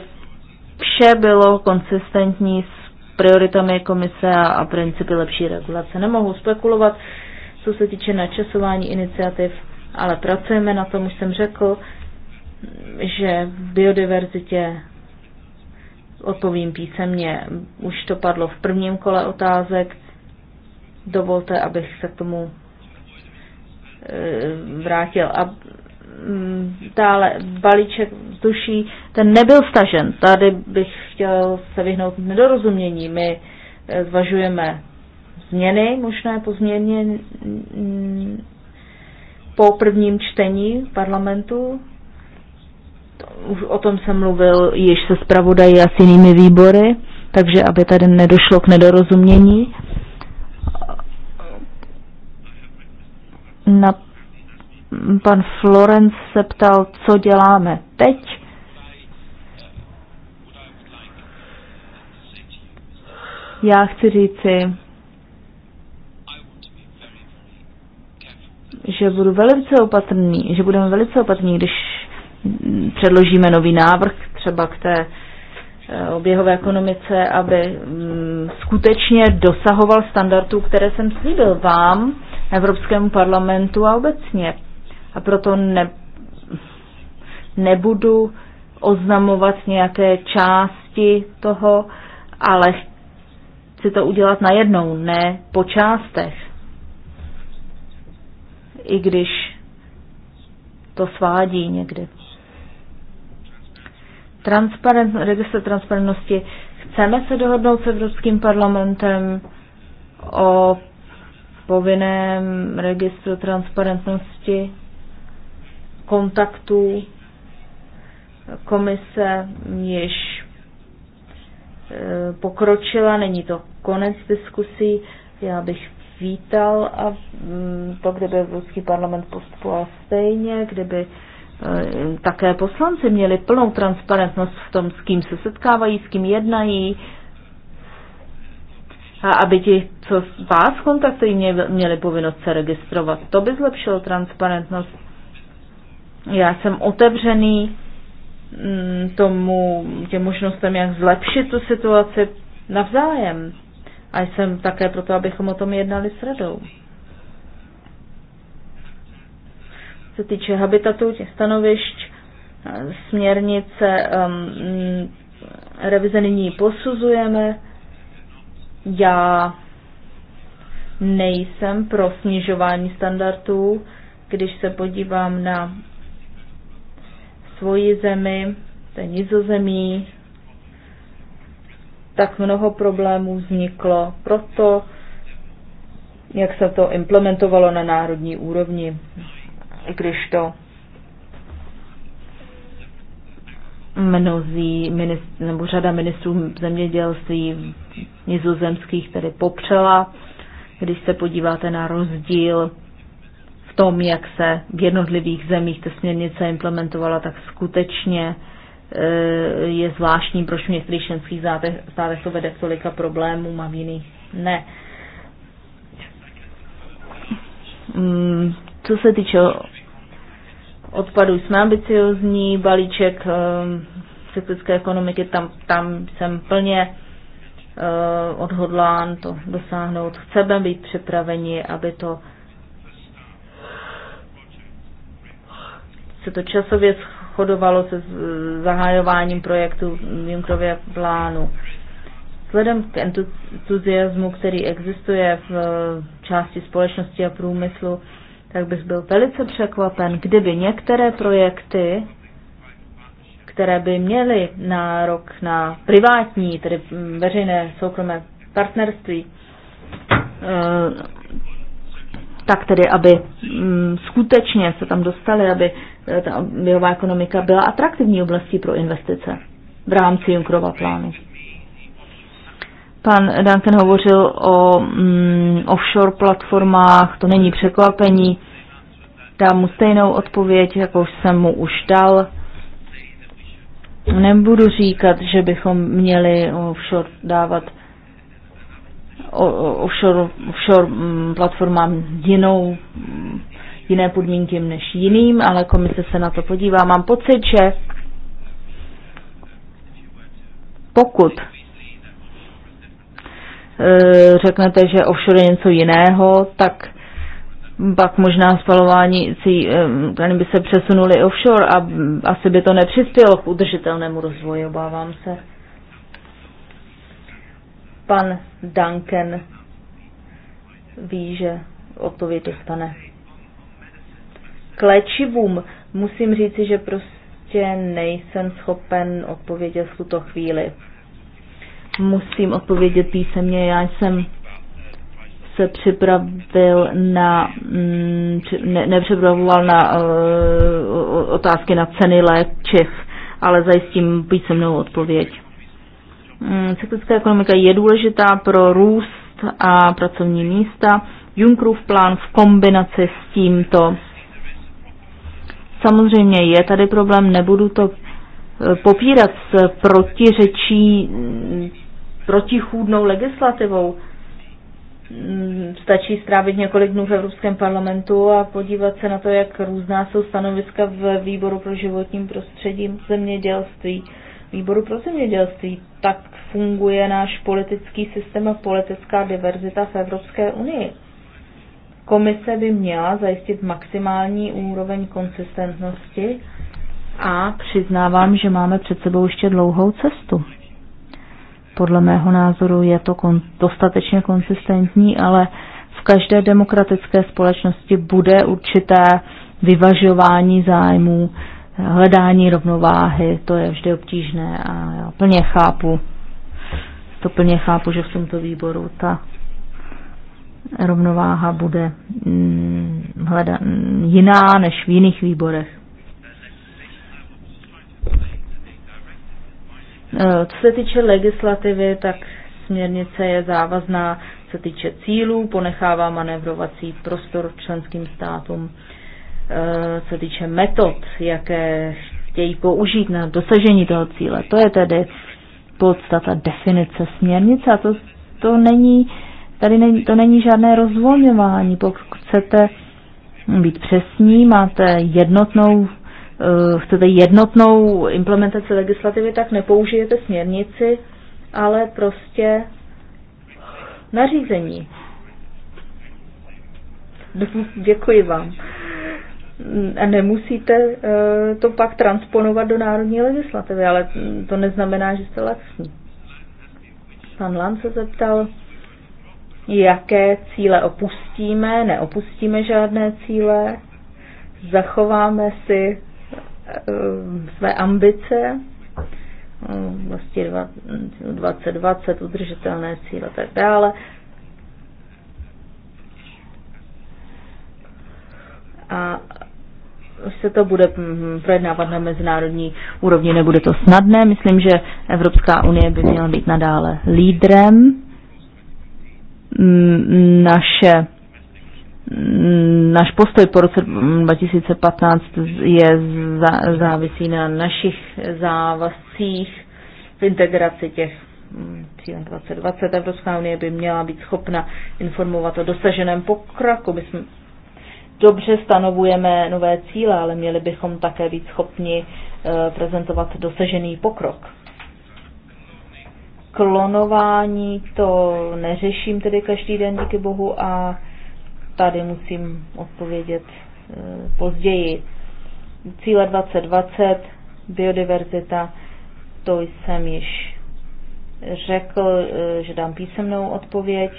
vše bylo konsistentní s prioritami komise a, a principy lepší regulace. Nemohu spekulovat, co se týče načasování iniciativ, ale pracujeme na tom, už jsem řekl, že v biodiverzitě odpovím písemně, už to padlo v prvním kole otázek, dovolte, abych se k tomu eh, vrátil. A Mm, dále balíček vzduší, ten nebyl stažen. Tady bych chtěl se vyhnout nedorozumění. My eh, zvažujeme změny, možné po změně mm, po prvním čtení parlamentu. Už o tom jsem mluvil již se zpravodají a s jinými výbory, takže aby tady nedošlo k nedorozumění. Na Pan Florence se ptal, co děláme teď. Já chci říci, že budu velice opatrný, že budeme velice opatrní, když předložíme nový návrh třeba k té eh, oběhové ekonomice, aby mm, skutečně dosahoval standardů, které jsem slíbil vám, Evropskému parlamentu a obecně a proto ne, nebudu oznamovat nějaké části toho, ale chci to udělat najednou, ne po částech. I když to svádí někdy. Transparent, registr transparentnosti. Chceme se dohodnout s Evropským parlamentem o povinném registru transparentnosti kontaktů komise již e, pokročila, není to konec diskusí. Já bych vítal a mm, to, kdyby Evropský parlament postupoval stejně, kdyby e, také poslanci měli plnou transparentnost v tom, s kým se setkávají, s kým jednají, a aby ti, co vás kontaktují, měli povinnost se registrovat. To by zlepšilo transparentnost já jsem otevřený mm, tomu, těm možnostem, jak zlepšit tu situaci navzájem. A jsem také proto, abychom o tom jednali s radou. se týče habitatu, těch stanovišť, směrnice, um, revize nyní posuzujeme. Já nejsem pro snižování standardů, když se podívám na svoji zemi, ten nizozemí, tak mnoho problémů vzniklo proto, jak se to implementovalo na národní úrovni, když to mnozí ministr, nebo řada ministrů zemědělství nizozemských tedy popřela. Když se podíváte na rozdíl v tom, jak se v jednotlivých zemích ta směrnice implementovala, tak skutečně e, je zvláštní, proč v některých členských státech to vede k tolika problémům a v jiných ne. Mm, co se týče odpadů, jsme ambiciozní, balíček e, cyklické ekonomiky, tam, tam jsem plně e, odhodlán to dosáhnout. Chceme být připraveni, aby to se to časově shodovalo se zahájováním projektu Junkrově plánu. Vzhledem k entuziasmu, který existuje v eh, části společnosti a průmyslu, tak bych byl velice překvapen, kdyby některé projekty, které by měly nárok na privátní, tedy mm, veřejné soukromé partnerství, eh, tak tedy, aby mm, skutečně se tam dostali, aby eh, ta běhová ekonomika byla atraktivní oblastí pro investice v rámci Junkrova plánu. Pan Duncan hovořil o mm, offshore platformách, to není překvapení. Dám mu stejnou odpověď, jakou jsem mu už dal. Nebudu říkat, že bychom měli offshore dávat offshore, offshore mm, platformám jinou, mm, jiné podmínky než jiným, ale komise se na to podívá. Mám pocit, že pokud e, řeknete, že offshore je něco jiného, tak pak možná spalování e, by se přesunuli offshore a asi by to nepřispělo k udržitelnému rozvoji, obávám se. Pan Duncan ví, že odpověď dostane. K léčivům musím říci, že prostě nejsem schopen odpovědět v tuto chvíli. Musím odpovědět písemně. Já jsem se připravil na, mm, ne, nepřipravoval na uh, otázky na ceny léčiv, ale zajistím písemnou odpověď. Mm, cyklická ekonomika je důležitá pro růst a pracovní místa. Junckerův plán v kombinaci s tímto. Samozřejmě je tady problém, nebudu to eh, popírat s protiřečí, mm, protichůdnou legislativou. Mm, stačí strávit několik dnů v Evropském parlamentu a podívat se na to, jak různá jsou stanoviska v výboru pro životním prostředí, zemědělství, výboru pro zemědělství. Tak funguje náš politický systém a politická diverzita v Evropské unii. Komise by měla zajistit maximální úroveň konsistentnosti a přiznávám, že máme před sebou ještě dlouhou cestu. Podle mého názoru je to kon- dostatečně konsistentní, ale v každé demokratické společnosti bude určité vyvažování zájmů, hledání rovnováhy, to je vždy obtížné a já plně chápu to plně chápu, že v tomto výboru ta rovnováha bude mm, hleda, jiná než v jiných výborech. E, co se týče legislativy, tak směrnice je závazná, co se týče cílů, ponechává manevrovací prostor členským státům, e, co se týče metod, jaké chtějí použít na dosažení toho cíle. To je tedy podstata definice směrnice a to, to není, tady není, to není žádné rozvolňování. Pokud chcete být přesní, máte jednotnou eh, chcete jednotnou implementaci legislativy, tak nepoužijete směrnici, ale prostě nařízení. Děkuji vám a nemusíte eh, to pak transponovat do národní legislativy, ale to neznamená, že jste laxní. Pan Lan se zeptal, jaké cíle opustíme, neopustíme žádné cíle, zachováme si eh, své ambice, eh, vlastně 2020, udržitelné cíle a tak dále. A se to bude mm, projednávat na mezinárodní úrovni, nebude to snadné. Myslím, že Evropská unie by měla být nadále lídrem. Mm, naše, mm, naš postoj po roce 2015 je závisí na našich závazcích v integraci těch cílem 2020. Evropská unie by měla být schopna informovat o dosaženém pokroku. My jsme dobře stanovujeme nové cíle, ale měli bychom také být schopni eh, prezentovat dosažený pokrok. Klonování to neřeším tedy každý den, díky bohu, a tady musím odpovědět eh, později. Cíle 2020, biodiverzita, to jsem již řekl, eh, že dám písemnou odpověď.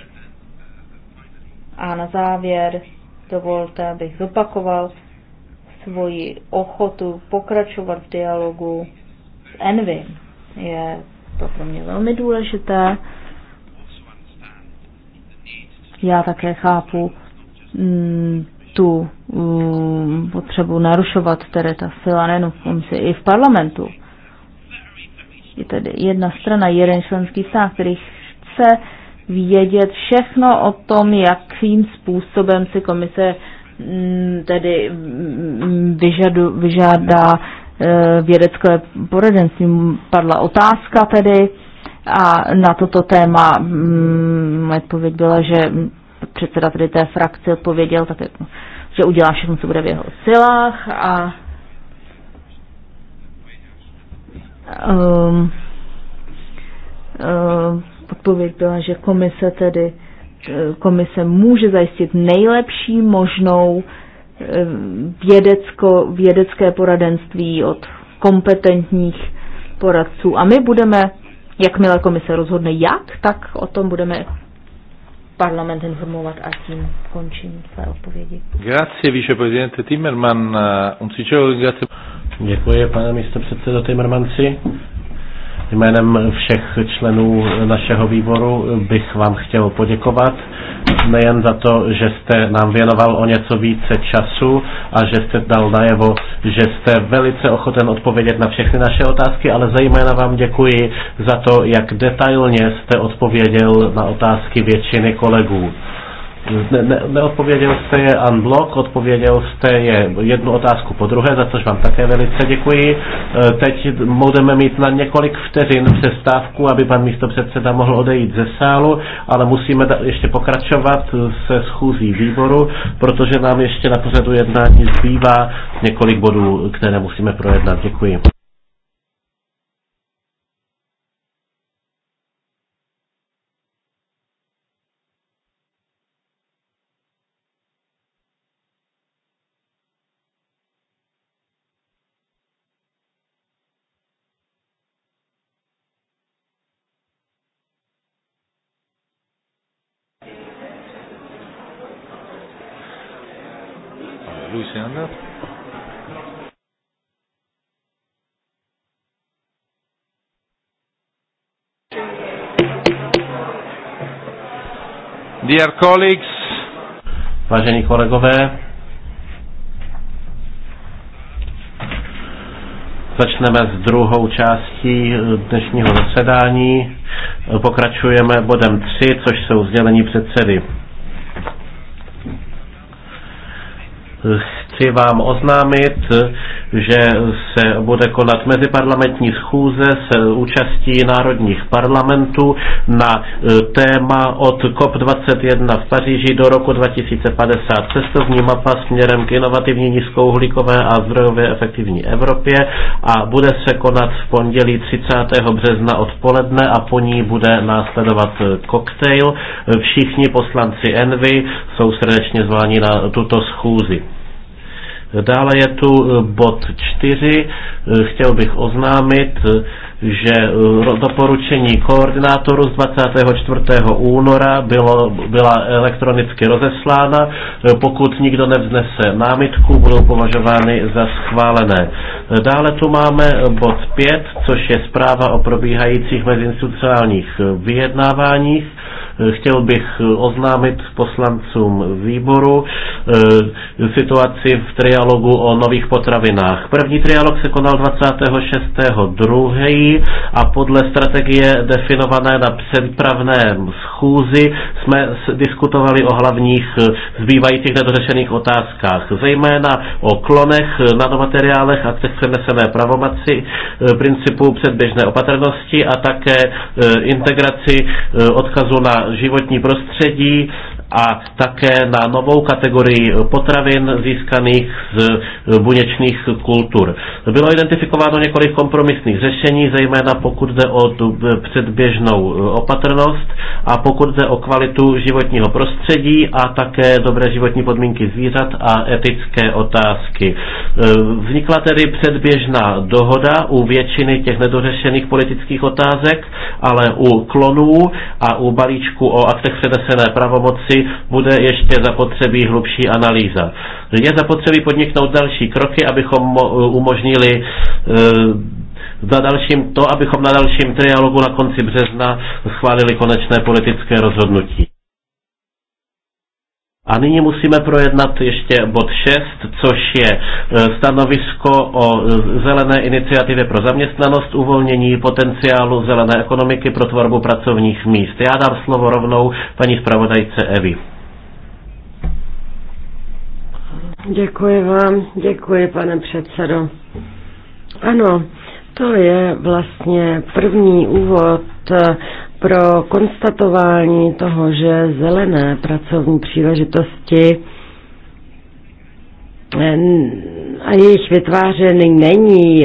A na závěr Dovolte, abych zopakoval svoji ochotu pokračovat v dialogu s Envy. Je to pro mě velmi důležité. Já také chápu mm, tu mm, potřebu narušovat tedy ta sila nejen v i v parlamentu. Je tedy jedna strana, jeden členský stát, který chce vědět všechno o tom, jakým způsobem si komise mm, tedy mm, vyžadu, vyžádá e, vědecké poradenství. Padla otázka tedy a na toto téma mm, moje odpověď byla, že předseda tedy té frakce odpověděl, tak, jako, že udělá všechno, co bude v jeho silách a um, um, Odpověď byla, že komise tedy e, komise může zajistit nejlepší možnou e, vědecko, vědecké poradenství od kompetentních poradců. A my budeme, jakmile komise rozhodne jak, tak o tom budeme parlament informovat a tím končím své odpovědi. Grazie, viceprezidente Timmerman. Eh, un sincero grazie. Děkuji, pane místo předsedo Timmermanci. Jménem všech členů našeho výboru bych vám chtěl poděkovat nejen za to, že jste nám věnoval o něco více času a že jste dal najevo, že jste velice ochoten odpovědět na všechny naše otázky, ale zejména vám děkuji za to, jak detailně jste odpověděl na otázky většiny kolegů. Ne, ne, neodpověděl jste je unblock, odpověděl jste je jednu otázku po druhé, za což vám také velice děkuji. E, teď budeme mít na několik vteřin přestávku, aby pan předseda mohl odejít ze sálu, ale musíme ještě pokračovat se schůzí výboru, protože nám ještě na pořadu jednání zbývá několik bodů, které musíme projednat. Děkuji. Dear colleagues, vážení kolegové, začneme s druhou částí dnešního zasedání. Pokračujeme bodem 3, což jsou sdělení předsedy chci vám oznámit, že se bude konat meziparlamentní schůze s účastí národních parlamentů na e, téma od COP21 v Paříži do roku 2050 cestovní mapa směrem k inovativní nízkouhlíkové a zdrojově efektivní Evropě a bude se konat v pondělí 30. března odpoledne a po ní bude následovat koktejl. Všichni poslanci Envy jsou srdečně zváni na tuto schůzi. Dále je tu eh, bod 4. Eh, chtěl bych oznámit, eh, že doporučení koordinátoru z 24. února bylo, byla elektronicky rozeslána. Pokud nikdo nevznese námitku, budou považovány za schválené. Dále tu máme bod 5, což je zpráva o probíhajících meziinstitucionálních vyjednáváních. Chtěl bych oznámit poslancům výboru eh, situaci v trialogu o nových potravinách. První trialog se konal 26.2. a podle strategie definované na předpravném schůzi jsme diskutovali o hlavních eh, zbývajících nedořešených otázkách, zejména o klonech, eh, nanomateriálech, aktech přenesené pravomaci, principu předběžné opatrnosti a také integraci odkazu na životní prostředí a také na novou kategorii potravin získaných z e, buněčných kultur. Bylo identifikováno několik kompromisných řešení, zejména pokud jde o tu e, předběžnou e, opatrnost a pokud jde o kvalitu životního prostředí a také dobré životní podmínky zvířat a etické otázky. Vznikla tedy předběžná dohoda u většiny těch nedořešených politických otázek, ale u klonů a u balíčku o aktech předesené pravomoci bude ještě zapotřebí hlubší analýza. Je zapotřebí podniknout další kroky, abychom umožnili eh, na dalším, to, abychom na dalším trialogu na konci března schválili konečné politické rozhodnutí. A nyní musíme projednat ještě bod 6, což je e, stanovisko o e, zelené iniciativě pro zaměstnanost, uvolnění potenciálu zelené ekonomiky pro tvorbu pracovních míst. Já dám slovo rovnou paní zpravodajce Evi. Děkuji vám, děkuji pane předsedo. Ano, to je vlastně první úvod pro konstatování toho, že zelené pracovní příležitosti eh, a jejich vytváření není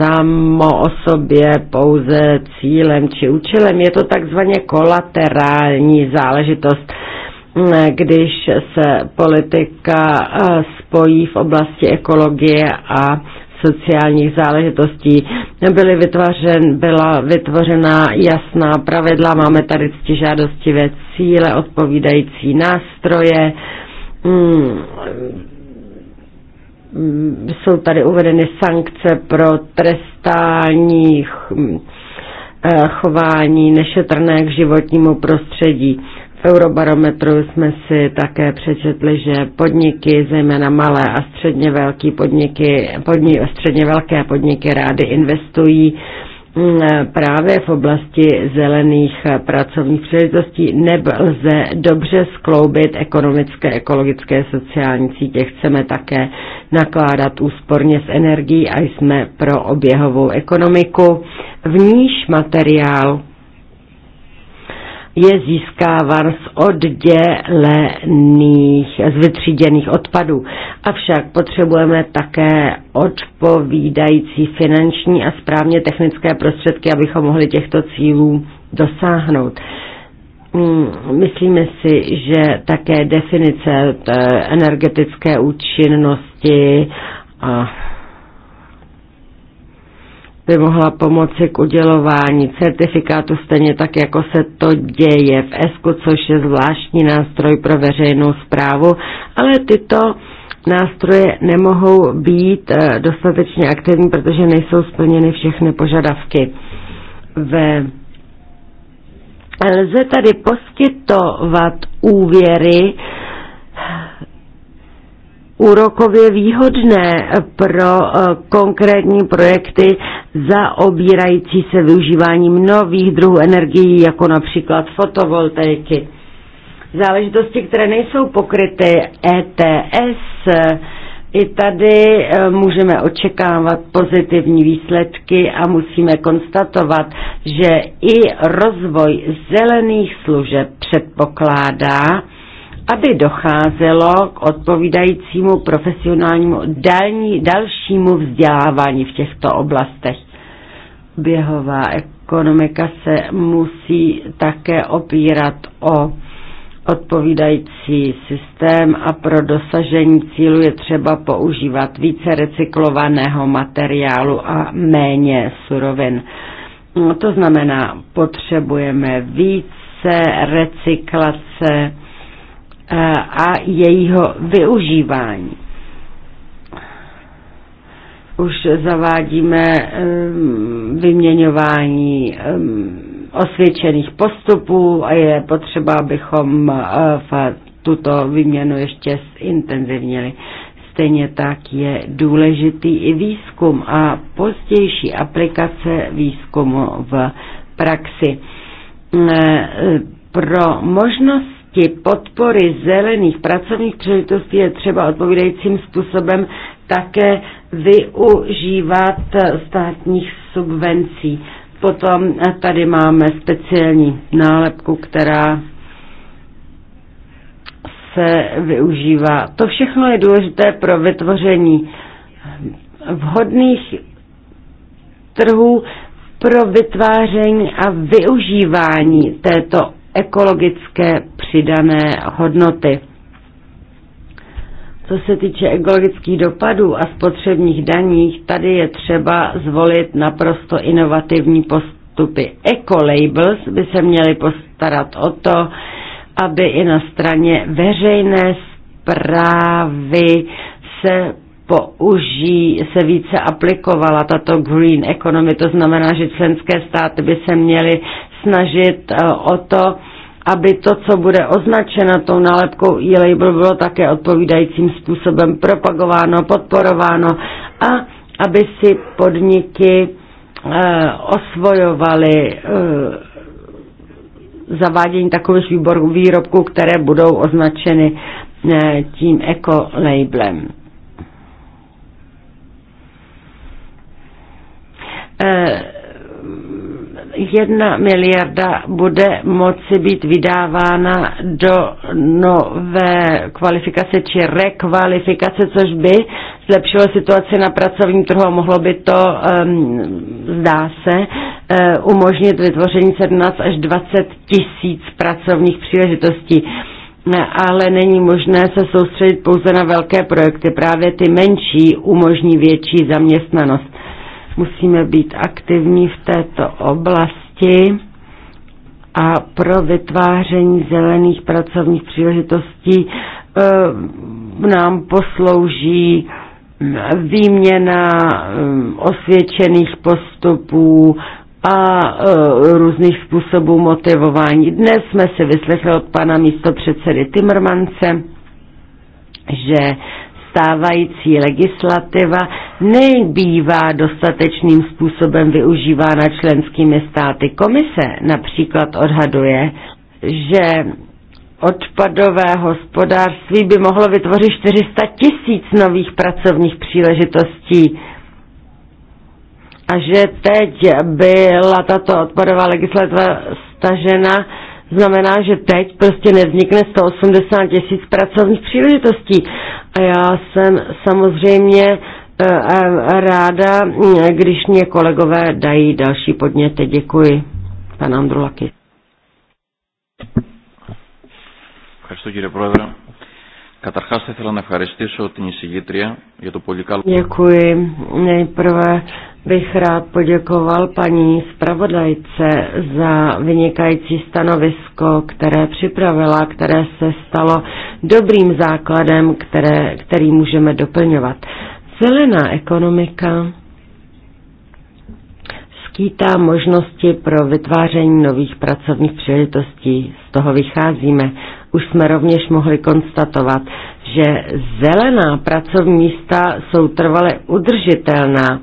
samo o sobě pouze cílem či účelem. Je to takzvaně kolaterální záležitost, eh, když se politika eh, spojí v oblasti ekologie a sociálních záležitostí. Byly vytvořen, byla vytvořena jasná pravidla, máme tady ctižádostivé cíle, odpovídající nástroje, hmm. Hmm, jsou tady uvedeny sankce pro trestání hmm, eh, chování nešetrné k životnímu prostředí. Eurobarometru jsme si také přečetli, že podniky, zejména malé a středně, velké podniky, podni, středně velké podniky rády investují mm, právě v oblasti zelených pracovních příležitostí nelze dobře skloubit ekonomické, ekologické, sociální sítě. Chceme také nakládat úsporně s energií a jsme pro oběhovou ekonomiku. V níž materiál je získáván z oddělených, z vytříděných odpadů. Avšak potřebujeme také odpovídající finanční a správně technické prostředky, abychom mohli těchto cílů dosáhnout hmm, myslíme si, že také definice energetické účinnosti a by mohla pomoci k udělování certifikátu stejně tak, jako se to děje v ESCO, což je zvláštní nástroj pro veřejnou zprávu, ale tyto nástroje nemohou být eh, dostatečně aktivní, protože nejsou splněny všechny požadavky. Ve Lze tady poskytovat úvěry úrokově výhodné eh, pro eh, konkrétní projekty zaobírající se využíváním nových druhů energií, jako například fotovoltaiky. Záležitosti, které nejsou pokryty ETS, i tady eh, můžeme očekávat pozitivní výsledky a musíme konstatovat, že i rozvoj zelených služeb předpokládá, aby docházelo k odpovídajícímu profesionálnímu dální, dalšímu vzdělávání v těchto oblastech. Běhová ekonomika se musí také opírat o odpovídající systém a pro dosažení cílu je třeba používat více recyklovaného materiálu a méně surovin. No, to znamená, potřebujeme více recyklace, Eh, a jejího využívání. Už zavádíme eh, vyměňování eh, osvědčených postupů a je potřeba, abychom v tuto výměnu ještě zintenzivnili. Stejně tak je důležitý i výzkum a pozdější aplikace výzkumu v praxi. Pro možnost oblasti podpory zelených pracovních příležitostí je třeba odpovídajícím způsobem také využívat státních subvencí. Potom tady máme speciální nálepku, která se využívá. To všechno je důležité pro vytvoření vhodných trhů pro vytváření a využívání této ekologické přidané hodnoty. Co se týče ekologických dopadů a spotřebních daních, tady je třeba zvolit naprosto inovativní postupy. Ecolabels by se měly postarat o to, aby i na straně veřejné zprávy se použí, se více aplikovala tato green economy, to znamená, že členské státy by se měly snažit eh, o to, aby to, co bude označeno tou nálepkou e-label, bylo také odpovídajícím způsobem propagováno, podporováno a aby si podniky eh, osvojovaly eh, zavádění takových výrobků, které budou označeny tím eco-labelem. E, jedna miliarda bude moci být vydávána do nové kvalifikace či rekvalifikace, což by zlepšilo situaci na pracovním trhu a mohlo by to, um, zdá se, eh, umožnit vytvoření 17 až 20 tisíc pracovních příležitostí. Ale není možné se soustředit pouze na velké projekty. Právě ty menší umožní větší zaměstnanost Musíme být aktivní v této oblasti a pro vytváření zelených pracovních příležitostí eh, nám poslouží výměna eh, osvědčených postupů a eh, různých způsobů motivování. Dnes jsme si vyslechli od pana místopředsedy Timmermance, že stávající legislativa nebývá dostatečným způsobem využívána členskými státy. Komise například odhaduje, že odpadové hospodářství by mohlo vytvořit 400 tisíc nových pracovních příležitostí a že teď byla tato odpadová legislativa stažena znamená, že teď prostě nevznikne 180 tisíc pracovních příležitostí. A já jsem samozřejmě e, e, ráda, když mě kolegové dají další podněty. Děkuji, pan Andrulaky. Děkuji. Nejprve bych rád poděkoval paní zpravodajce za vynikající stanovisko, které připravila, které se stalo dobrým základem, které, který můžeme doplňovat. Zelená ekonomika skýtá možnosti pro vytváření nových pracovních příležitostí. Z toho vycházíme. Už jsme rovněž mohli konstatovat, že zelená pracovní místa jsou trvale udržitelná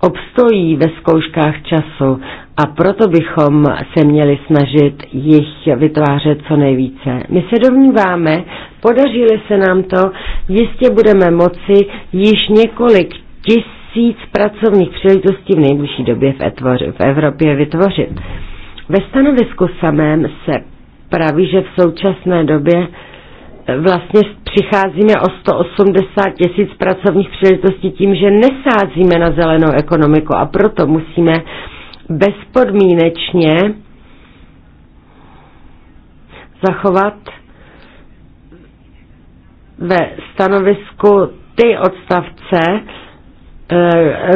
obstojí ve zkouškách času a proto bychom se měli snažit jich vytvářet co nejvíce. My se domníváme, podařili se nám to, jistě budeme moci již několik tisíc pracovních příležitostí v nejbližší době v, etvoři, v Evropě vytvořit. Ve stanovisku samém se praví, že v současné době vlastně přicházíme o 180 tisíc pracovních příležitostí tím, že nesázíme na zelenou ekonomiku a proto musíme bezpodmínečně zachovat ve stanovisku ty odstavce, eh,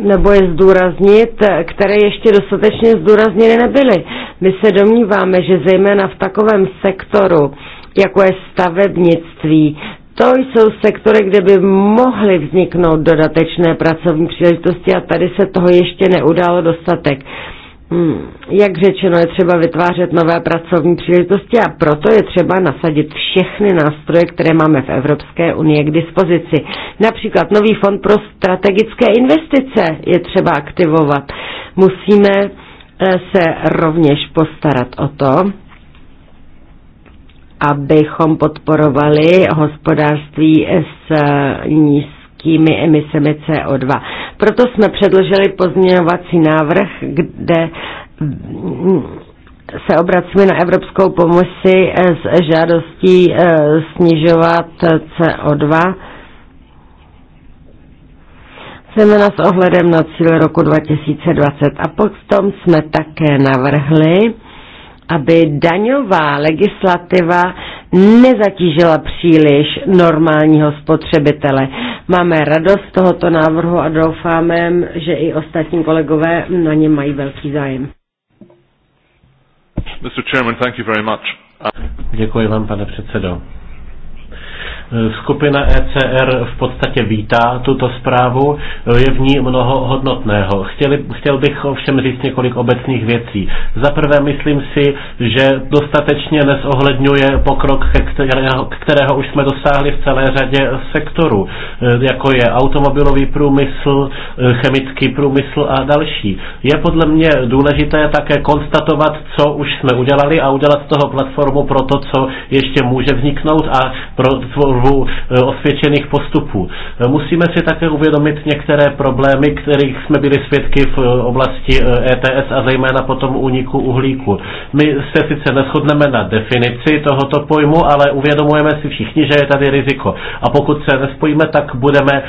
nebo je zdůraznit, které ještě dostatečně zdůrazněny nebyly. My se domníváme, že zejména v takovém sektoru, jako je stavebnictví. To jsou sektory, kde by mohly vzniknout dodatečné pracovní příležitosti a tady se toho ještě neudalo dostatek. Hmm. Jak řečeno, je třeba vytvářet nové pracovní příležitosti a proto je třeba nasadit všechny nástroje, které máme v Evropské unii k dispozici. Například nový fond pro strategické investice je třeba aktivovat. Musíme eh, se rovněž postarat o to, abychom podporovali hospodářství s nízkými emisemi CO2. Proto jsme předložili pozměňovací návrh, kde mm, se obracíme na Evropskou komisi s žádostí eh, snižovat CO2 zejména s ohledem na cíl roku 2020. A potom jsme také navrhli, aby daňová legislativa nezatížila příliš normálního spotřebitele. Máme radost z tohoto návrhu a doufáme, že i ostatní kolegové na ně mají velký zájem. Mr. Chairman, thank you very much. Děkuji vám, pane předsedo. Eh, skupina ECR v podstatě vítá tuto zprávu, eh, je v ní mnoho hodnotného. Chtěli, chtěl bych ovšem říct několik obecných věcí. Za prvé myslím si, že dostatečně nezohledňuje pokrok, kterého, kterého už jsme dosáhli v celé řadě sektorů, eh, jako je automobilový průmysl, chemický průmysl a další. Je podle mě důležité také konstatovat, co už jsme udělali a udělat z toho platformu pro to, co ještě může vzniknout a pro kurvu eh, osvědčených postupů. Eh, musíme si také uvědomit některé problémy, kterých jsme byli svědky v eh, oblasti ETS e a zejména potom úniku uhlíku. My se sice neschodneme na definici tohoto pojmu, ale uvědomujeme si všichni, že je tady riziko. A pokud se nespojíme, tak budeme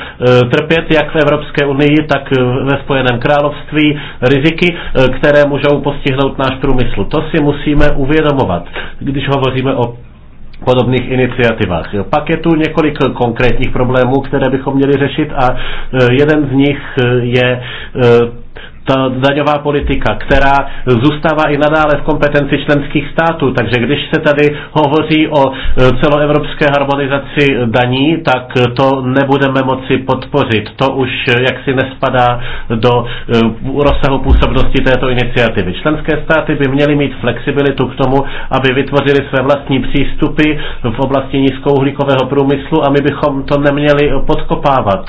trpět jak v Evropské unii, tak ve Spojeném království riziky, které můžou postihnout náš průmysl. To si musíme uvědomovat, když hovoříme o podobných iniciativách. Pak je tu několik konkrétních problémů, které bychom měli řešit a e, jeden z nich e, je e, ta daňová politika, která zůstává i nadále v kompetenci členských států. Takže když se tady hovoří o e, celoevropské harmonizaci daní, tak to nebudeme moci podpořit. To už e, jaksi nespadá do e, rozsahu působnosti této iniciativy. Členské státy by měly mít flexibilitu k tomu, aby vytvořili své vlastní přístupy v oblasti nízkouhlíkového průmyslu a my bychom to neměli podkopávat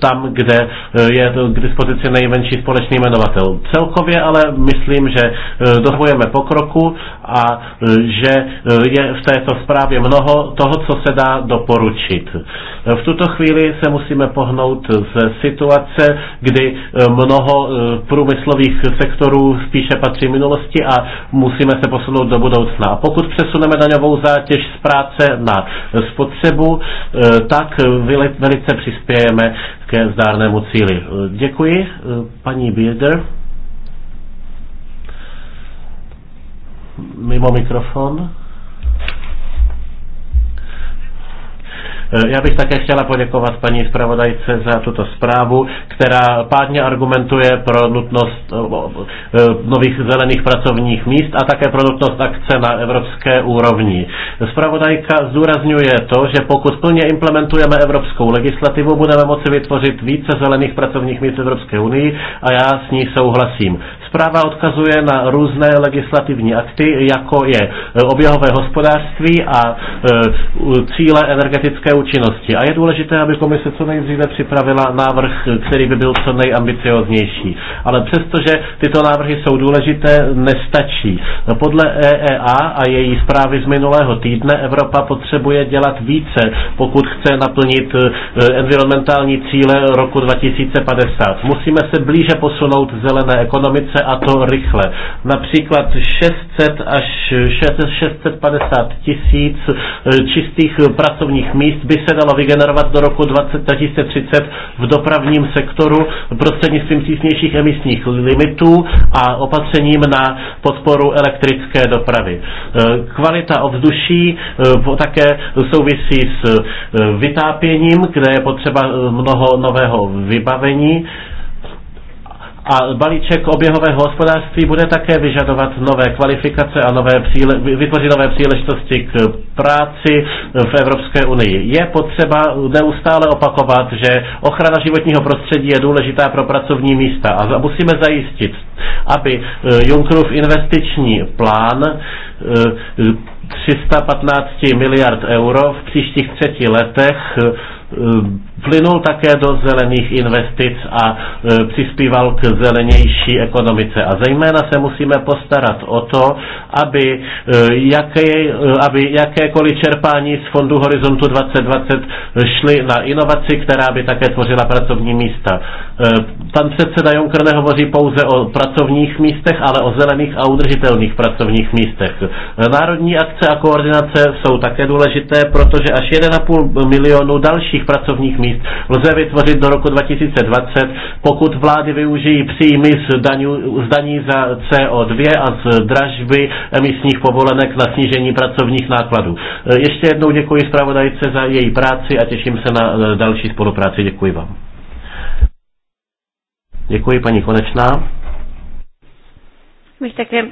tam, kde je k dispozici nejmenší nejmenší společný jmenovatel. Celkově ale myslím, že e, dohujeme pokroku a e, že e, je v této zprávě mnoho toho, co se dá doporučit. V tuto chvíli se musíme pohnout z situace, kdy mnoho průmyslových sektorů spíše patří minulosti a musíme se posunout do budoucna. Pokud přesuneme daňovou zátěž z práce na spotřebu, tak velice přispějeme ke zdárnému cíli. Děkuji, paní Bilder. Mimo mikrofon. Eh, já bych také chtěla poděkovat paní zpravodajce za tuto zprávu, která pádně argumentuje pro nutnost eh, eh, nových zelených pracovních míst a také pro nutnost akce na evropské úrovni. Zpravodajka zdůrazňuje to, že pokud plně implementujeme evropskou legislativu, budeme moci vytvořit více zelených pracovních míst v Evropské unii a já s ní souhlasím. Zpráva odkazuje na různé legislativní akty, jako je e, oběhové hospodářství a e, cíle energetické účinnosti. A je důležité, aby komise co nejdříve připravila návrh, který by byl co nejambicioznější. Ale přestože tyto návrhy jsou důležité, nestačí. Podle EEA a její zprávy z minulého týdne Evropa potřebuje dělat více, pokud chce naplnit e, environmentální cíle roku 2050. Musíme se blíže posunout zelené ekonomice rychle a to rychle. Například 600 až 650 tisíc eh, čistých eh, pracovních míst by se dalo vygenerovat do roku 2030 v dopravním sektoru prostřednictvím přísnějších emisních limitů a opatřením na podporu elektrické dopravy. Eh, kvalita ovzduší také souvisí s vytápěním, kde je potřeba mnoho nového vybavení a balíček oběhového hospodářství bude také vyžadovat nové kvalifikace a nové příle, vytvoří nové příležitosti k práci v Evropské unii. Je potřeba neustále opakovat, že ochrana životního prostředí je důležitá pro pracovní místa a musíme zajistit, aby eh, Junckerův investiční plán 315 eh, miliard euro v příštích třetí letech eh, plynul také do zelených investic a e, přispíval k zelenější ekonomice. A zejména se musíme postarat o to, aby, e, jaké, e, aby jakékoliv čerpání z fondu Horizontu 2020 šly na inovaci, která by také tvořila pracovní místa. Pan předseda Juncker nehovoří pouze o pracovních místech, ale o zelených a udržitelných pracovních místech. Národní akce a koordinace jsou také důležité, protože až 1,5 milionu dalších pracovních míst míst lze vytvořit do roku 2020, pokud vlády využijí příjmy z, daňů, z daní za CO2 a z dražby emisních povolenek na snížení pracovních nákladů. E, ještě jednou děkuji zpravodajce za její práci a těším se na e, další spolupráci. Děkuji vám. Děkuji paní Konečná. Bych také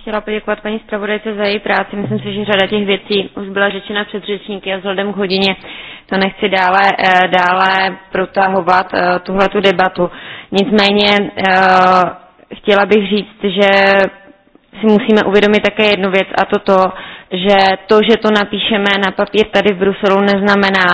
chtěla poděkovat paní zpravodajce za její práci. Myslím si, že řada těch věcí už byla řečena před řečníky a vzhledem k hodině to nechci dále, eh, dále protahovat eh, tuhle tu debatu. Nicméně eh, chtěla bych říct, že si musíme uvědomit také jednu věc a to to, že to, že to napíšeme na papír tady v Bruselu, neznamená,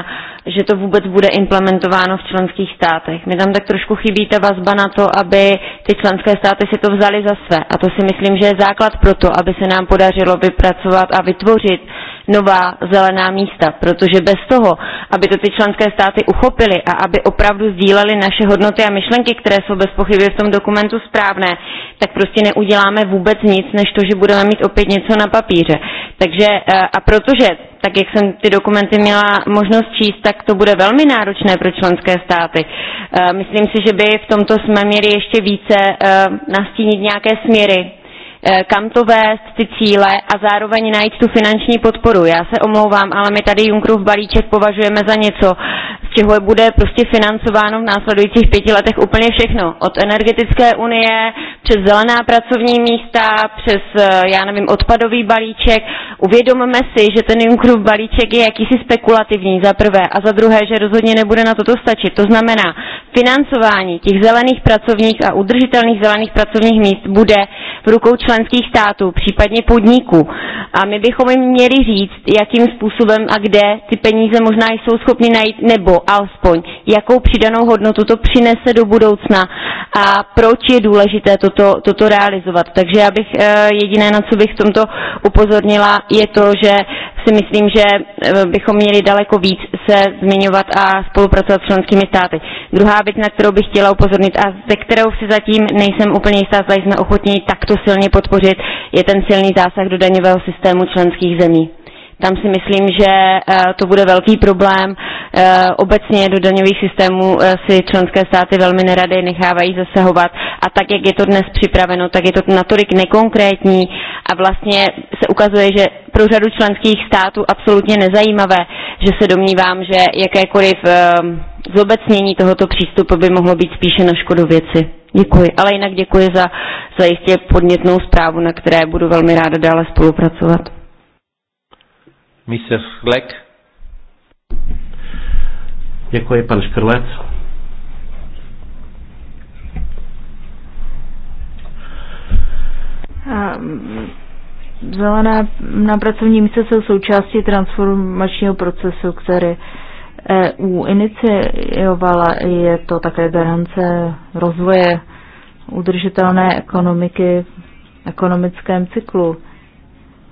že to vůbec bude implementováno v členských státech. Mi tam tak trošku chybí ta vazba na to, aby ty členské státy si to vzali za své. A to si myslím, že je základ pro to, aby se nám podařilo vypracovat a vytvořit nová zelená místa, protože bez toho, aby to ty členské státy uchopily a aby opravdu sdílely naše hodnoty a myšlenky, které jsou bez pochyby v tom dokumentu správné, tak prostě neuděláme vůbec nic, než to, že budeme mít opět něco na papíře. Takže eh, a protože tak jak jsem ty dokumenty měla možnost číst, tak to bude velmi náročné pro členské státy. Eh, myslím si, že by v tomto jsme měli ještě více eh, nastínit nějaké směry, eh, kam to vést, ty cíle a zároveň najít tu finanční podporu. Já se omlouvám, ale my tady Junkrův balíček považujeme za něco, z čeho bude prostě financováno v následujících pěti letech úplně všechno. Od energetické unie přes zelená pracovní místa, přes, eh, já nevím, odpadový balíček. Uvědomme si, že ten Junckerův balíček je jakýsi spekulativní za prvé a za druhé, že rozhodně nebude na toto stačit. To znamená, financování těch zelených pracovních a udržitelných zelených pracovních míst bude v rukou členských států, případně podniků. A my bychom jim měli říct, jakým způsobem a kde ty peníze možná jsou schopni najít, nebo alespoň, jakou přidanou hodnotu to přinese do budoucna a proč je důležité to toto, toto realizovat. Takže já bych eh, jediné, na co bych v tomto upozornila, je to, že si myslím, že eh, bychom měli daleko víc se zmiňovat a spolupracovat s členskými státy. Druhá věc, na kterou bych chtěla upozornit a ze kterou si zatím nejsem úplně jistá, zda jsme ochotní takto silně podpořit, je ten silný zásah do daňového systému členských zemí. Tam si myslím, že eh, to bude velký problém. Obecně do daňových systémů si členské státy velmi nerady nechávají zasahovat a tak, jak je to dnes připraveno, tak je to natolik nekonkrétní a vlastně se ukazuje, že pro řadu členských států absolutně nezajímavé, že se domnívám, že jakékoliv eh, zobecnění tohoto přístupu by mohlo být spíše na škodu věci. Děkuji, ale jinak děkuji za, za jistě podnětnou zprávu, na které budu velmi ráda dále spolupracovat. Mr. Schleck. Děkuji, pan Škrlec. Mm, Zelené na pracovní místo jsou součástí transformačního procesu, který EU iniciovala. Je to také garance rozvoje udržitelné ekonomiky v ekonomickém cyklu.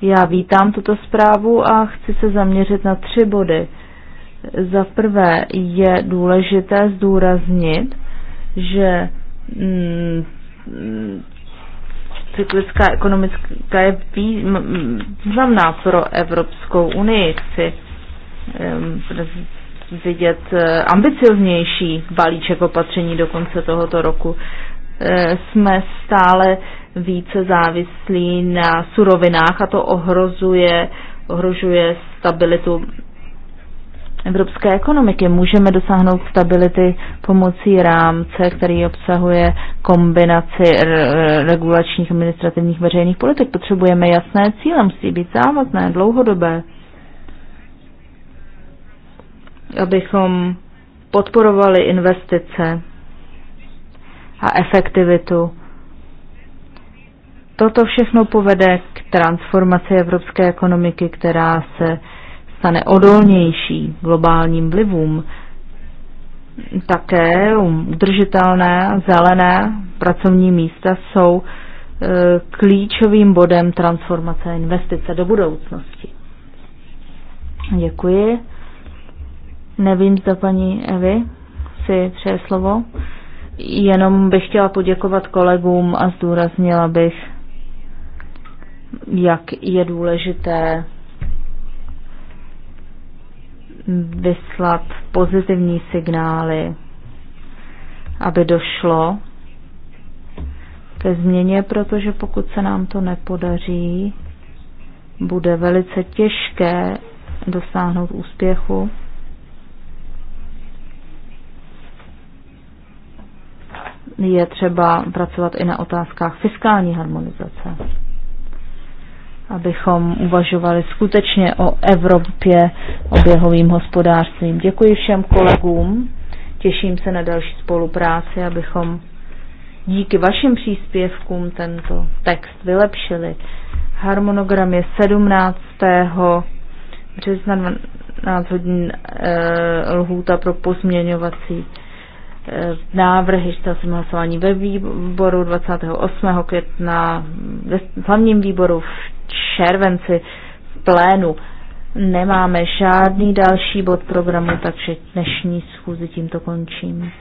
Já vítám tuto zprávu a chci se zaměřit na tři body. Za prvé je důležité zdůraznit, že mm, cyklická ekonomická je významná pro Evropskou unii. Chci vidět eh, ambicioznější balíček opatření do konce tohoto roku. Eh, jsme stále více závislí na surovinách a to ohrozuje, ohrožuje stabilitu evropské ekonomiky. Můžeme dosáhnout stability pomocí rámce, který obsahuje kombinaci regulačních administrativních veřejných politik. Potřebujeme jasné cíle, musí být závazné, dlouhodobé, abychom podporovali investice a efektivitu. Toto všechno povede k transformaci evropské ekonomiky, která se stane odolnější globálním vlivům. Také udržitelné, zelené pracovní místa jsou e, klíčovým bodem transformace investice do budoucnosti. Děkuji. Nevím, zda paní Evy si přeje slovo. Jenom bych chtěla poděkovat kolegům a zdůraznila bych, jak je důležité vyslat pozitivní signály, aby došlo ke změně, protože pokud se nám to nepodaří, bude velice těžké dosáhnout úspěchu. Je třeba pracovat i na otázkách fiskální harmonizace abychom uvažovali skutečně o Evropě oběhovým hospodářstvím. Děkuji všem kolegům, těším se na další spolupráci, abychom díky vašim příspěvkům tento text vylepšili. Harmonogram je 17. března 12 hodin e, lhůta pro pozměňovací Eh, návrhy, čítal jsem hlasování ve výboru 28. května, v hlavním výboru v červenci v plénu. Nemáme žádný další bod programu, takže dnešní schůzi tímto končím.